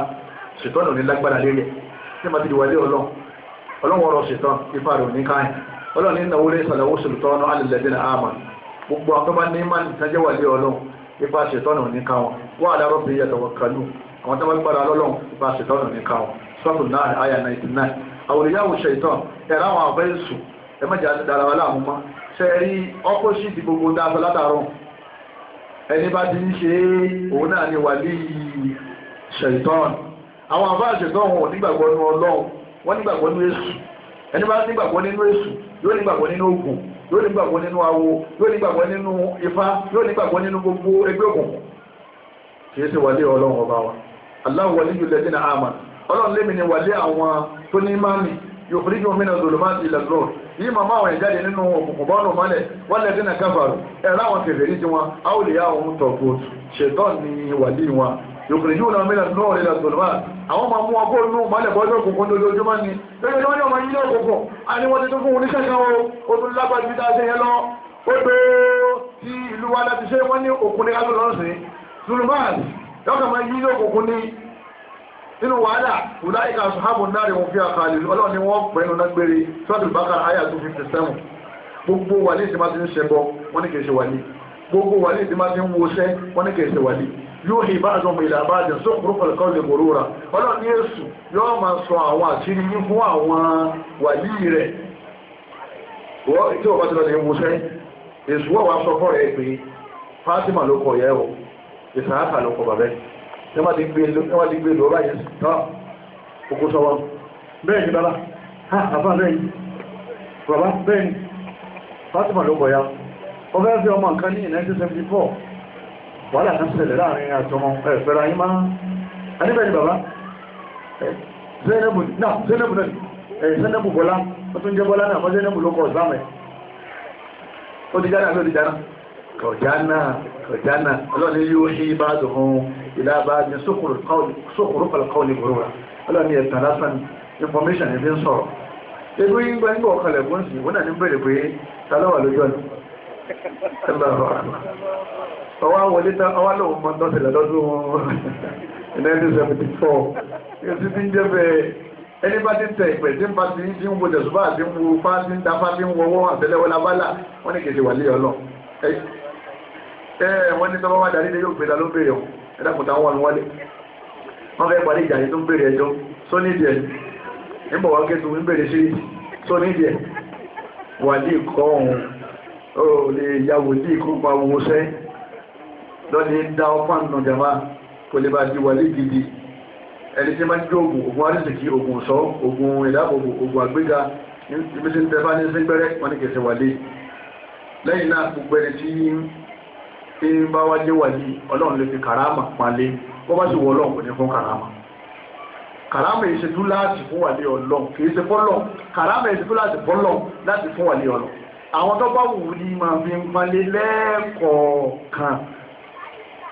ṣètọ́nù ní lágbára lérí ẹ̀ ní ma ti di wọlé ọlọ́run ọlọ́run ọ̀rọ̀ ṣètọ́n ipa rẹ̀ ò ní káyìn àwọn tó wọ́n gbára lọ́lọ́run ipa ṣètọ́nù nìkan ọ̀ sọ́ọ̀tù náà àyà 99 àwòrìyáwó ṣètọ́n ẹ̀rọ àwọn àbẹ́ ìsù ẹ mọ́jà dára wa láàmú mọ́ ṣe rí ọ́pọ́ṣìtì gbogbo dáadáa látàárọ̀ ẹni bá ti ń ṣe òun náà ni wà ní ṣètọ́n àwọn àbá ṣètọ́n wọn nígbàgbọ́ nínú ọlọ́run wọ́n nígbàgbọ́ nínú èṣù ẹni bá nígbàgbọ́ nínú èṣù yóò nígbàgbọ́ nínú ògùn yóò nígbàgbọ́ nínú awo yóò nígbàgbọ́ nínú ifá yóò nígbàgbọ́ nínú gbogbo ẹgbẹ́ òkùnkùn kìí ṣe wà ní ọlọ́run ọba wa aláwọ̀ wọlé yìí lẹ́dínà àmà ọlọ́run lémi ni wàlé àwọn tó ní mánì yóò fún ìjọ mìíràn zòlùmá ti ilẹ̀ lọ́rọ̀ yìí màmá àwọn ìjáde nínú òkùnkùn bọ́ọ̀nù mọ́lẹ̀ wọ́n lẹ́dínà káfàrù ẹ̀rọ àwọn kèfèrí ti wọn a ó lè yá àwọn tọ̀kù ṣètọ́ ni wàlé wọn yóò fún ìjọ mìíràn náà ilẹ̀ zòlùmá àwọn máa mú ọgbọ́n inú mọ́lẹ̀ bọ́jọ́ òkùnkùn lójoojúmọ́ ni bẹ́ẹ̀ ni wọ́n ní yọ́kà máa yí yóò kòkún ní inú wàhálà ìwúláìka ṣùhábùn náà rí wọn fi àkàlì ọlọ́ni wọ́n pẹ̀lú nágbére sọ́dún bákà àyà 257 gbogbo wà ní ìsinmi ti ń ṣẹbọ wọ́n ní kìí ṣe wà ní gbogbo wà ní ìsinmi ti ń wọṣẹ́ wọ́n ní kìí ṣe wà ní yóò hì bá àjọmọ̀ ìlà àbájẹ̀ só kúrúkọ̀lù kọ́ lè gbòòrò ra ọlọ́ni èṣù tí wọ́n ti lọ sí wọṣẹ́ èṣù wọ́n sọ fọ́ rẹ̀ pé ló kọ̀ yẹ́ wọ̀ ìsàáfà ló kọ bàbẹ́ níwọ́n ti gbé lọ báyìí tọ́ okú sọ́wọ́ bẹ́ẹ̀ ni bàbá ha bàbá bẹ́ẹ̀ ni bàbá bẹ́ẹ̀ ni Fátímà ló kọ ya ọfẹ́ fi ọmọ nǹkan ní 1974 wàhálà kan ṣẹlẹ̀ láàrin àtọmọ ẹ̀fẹ́ra yí máa aníbẹ̀ ni Zainabu náà Zainabu Bọ́lá ó tún jẹ́ Bọ́lá Zainabu ló kọ ìsáàmẹ̀ ó ti jáde àbí kọjánà kọjánà ọlọ́ni yóò ṣe bá dùn ilá bá ní sókòrò pàlùkọ́ ní gbòrò ọlọ́ni ẹ̀tàn lásán information ẹ̀bí ń sọ̀rọ̀ ebi yín gba nígbà ọ̀kalẹ̀ gún sí wọ́n náà ní bẹ̀rẹ̀ pé tàlọ́wà lójú 1974 èsì tí ń jẹ́ bẹ́ẹ̀ ẹni bá ti tẹ̀ ìpẹ̀ tí ń bá ti ń wo jẹ̀sùbá àti ń wo fáńtí ń da fáńtí ń wọwọ́ àtẹ́lẹ́wọ́lá bálà wọ́n ní kèsè wà lé ọlọ́ Eh, wọ́n ní tọ́wọ́ wá darí lé yóò gbèdà ló bèèrè ọ̀ ẹ̀dàkùnta wọn wọlé wọ́n fẹ́ parí ìjà tó ń bèèrè ẹjọ́ só ní ìdíẹ̀ níbọ̀ wá kẹ́tù ń bèèrè sí só ní ìdíẹ̀ wà ní ìkọ́ ọ̀hún ó lè yàwó ní ìkọ́ pa owó sẹ́ lọ́ni dá ọpá nù jàmá kò lè bá di wà ní gidi ẹni tí máa ń jó ogun ogun arísìkí ogun sọ ogun ìdáàbòbò ogun àgbéga ibi tí ń lẹ́yìn náà gbogbo ẹni tí tí bá wá jẹ́ wàlí ọlọ́run lè fi kàráàmà palé wọ́n bá sì wọ ọlọ́run kò ní fún kàráàmà kàráàmà yìí ṣe tú láti fún wàlí ọlọ́run kì í ṣe fọ́lọ́ kàráàmà yìí ṣe tú láti fọ́lọ́ láti fún wàlí ọlọ́run àwọn tó bá wù ní máa fi ń palé lẹ́ẹ̀kọ̀ọ̀kan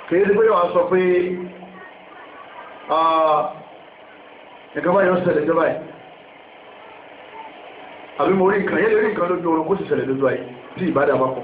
kì í ṣe pé wàá sọ pé nǹkan báyìí ó ṣẹlẹ̀ jọba yìí àbí mo rí nǹkan yẹn lórí nǹkan lójú orun kó sì ṣẹlẹ̀ lójú ayé tí ìbádà bá pọ̀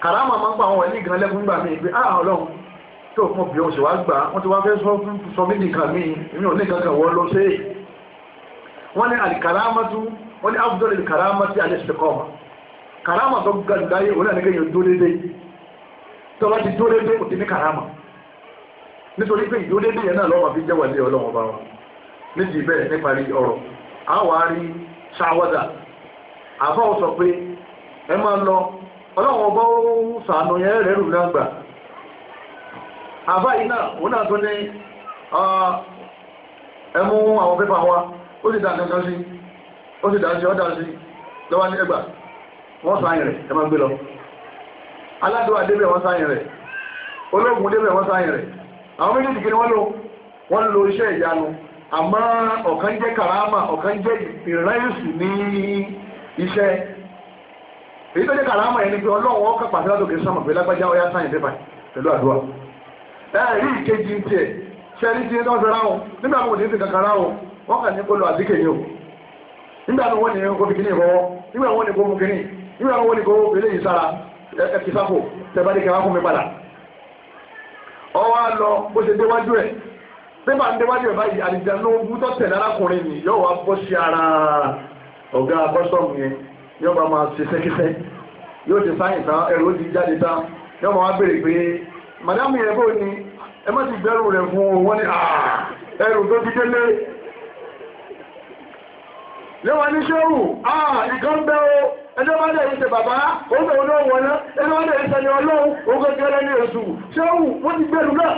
kàrámà máa ń pa àwọn ẹ̀lí ìgbìnà lẹ́kùn gbà mí pé áà ah, ọlọ́run tí ò fún bí o ṣe wá gbà wọ́n ti wá fẹ́ sọ mí nìkan mí èmi ò ní kankan wọ́n lọ sí èyí wọ́n ní àlìkàrámàtú wọ́n ní áfùdọ́ lè kàrámàtí àlẹ́sìtẹ̀kọ́mà kàrámà tó ga jù láyé òun àníkẹ́ yóò dódédé tó bá ti dódédé kò ti ní kàrámà nítorí pé ìdódédé yẹn náà lọ́wọ́ fi jẹ́ wà lé ọlọ́wọ́ bá wa níbi bẹ́ẹ̀ níparí ọ̀rọ̀ àwárí ṣáwádà àbáwọ̀ sọ pé ẹ máa lọ ọlọ́wọ́n bọ́ ń ruru yẹn rẹ̀ rù náà àbá iná òun náà tó ní ẹmú àwọn pépà wa ó sì dáa sí ó sì dáa sí lọ́wọ́ ní ẹgbà wọ́n sáyìn rẹ̀ ẹ gbé lọ débẹ̀ wọ́n sáyìn rẹ̀ ológun débẹ̀ wọ́n sáyìn rẹ̀ àwọn kí ni wọ́n karama ọ̀kan jẹ́ ní iṣẹ́ èyí tó jẹ́ kàrámà ẹni pé ọlọ́wọ́ ọkà pàṣẹ látòkè sọmọ pé lágbájá ọyá sáyẹn pépà pẹ̀lú àdúrà ẹ̀rí ìkejì ń tiẹ̀ ṣẹ́rí tí wọ́n fẹ́ ráhùn nígbà wọn kò ní ti kankan ráhùn wọ́n kà ní kó lọ àdíkè yìí o nígbà ni kó fi kíní ìfọwọ́ nígbà wọn ni kó mú kíní nígbà wọn ni kó fèlè yìí sára ẹkì sáfò tẹ̀bádé kẹwàá fún mi padà ọwọ́ á lọ bó ṣe déwájú ẹ̀ pépà ń déwájú ẹ̀ báyìí àdìjànú bútọ́ tẹ̀lé arákùnrin yìí yóò wá bọ́ sí ara ọ̀gá bọ́sọ̀mù yẹn yóò bá máa ṣe sẹ́kísẹ́ yóò ti sáyìn tán ẹ̀rọ ó ti jáde tán yóò máa béèrè pé màdámù yẹn bó ni ẹ má ti gbẹ́rù rẹ̀ fún owó ní ẹrù tó ti délé lẹ́wọ̀n ní ṣẹ́rù àà ìkan bẹ́ o ẹjọ́ bá lè ṣe bàbá ó bẹ̀ olóòwò náà ẹjọ́ bá lè ṣe ni ọlọ́run ogó gẹ́rẹ́ ní oṣù ṣẹ́rù wọ́n ti gbẹ̀rù náà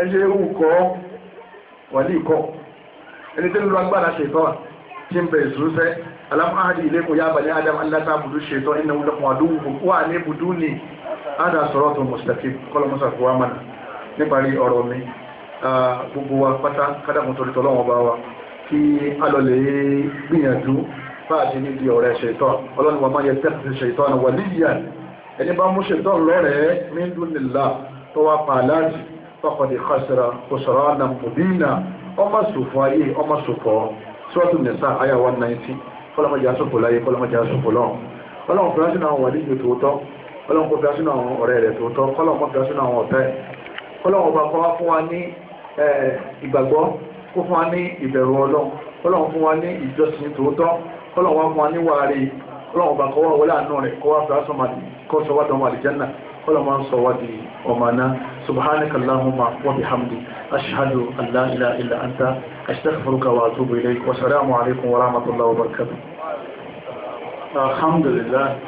ẹjẹ́ ewu kọ́ wà ní ìkọ́ ẹni tí ń lo agbára ṣètọ́ tí ń bẹ̀ ìṣúṣẹ́ alam ahadi ilaykum ya bani adam an la ta'budu shaytan innahu lakum aduwwun wa ne buduni ada siratal mustaqim kọlọ musa fún wa mana níparí ọ̀rọ̀ mi gbogbo wa pátá kádàkùn torí tọ́lọ́wọ́ bá wa kí alọ́lẹ̀ gbìyànjú fáàdì níbi ọ̀rẹ́ ṣaitan ọlọ́run wa máa yẹ tẹ́kùsì ṣaitan wà níyà ẹni bá mú ṣaitan lọ́rẹ̀ẹ́ min dunillah tó wá pàlájì faqad khasira khusranan mubina ọmọ sòfò ayé ọmọ sòfò suratul nisa àyà 190 kọ́lọ́mọjà sọ́fò láyé kọ́lọ́mọjà sọ́fò lọ́run kọ́lọ́mọ fẹ́ sínú àwọn wàlíjì tòótọ́ kọ́lọ́mọ fẹ́ sínú àwọn ọ̀rẹ́ rẹ̀ tòótọ́ kọ́lọ́mọ fẹ́ sínú àwọn ọ̀tẹ́ kọ́lọ́mọ bá kọ́ fún wa ní ìgbàgbọ́ kó fún wa ní ìbẹ̀rù ọlọ́run kọ́lọ́mọ fún wa ní ìjọsìn tòótọ́ kọ́lọ́mọ fún wa ní wàárí kọ́lọ́mọ bá kọ́ wọlé àánú rẹ̀ kọ́ wá fẹ́ sọ́mọ ولا ما صوتي ومانا سبحانك اللهم وبحمدك أشهد أن لا إله إلا أنت أستغفرك وأتوب إليك والسلام عليكم ورحمة الله وبركاته الحمد لله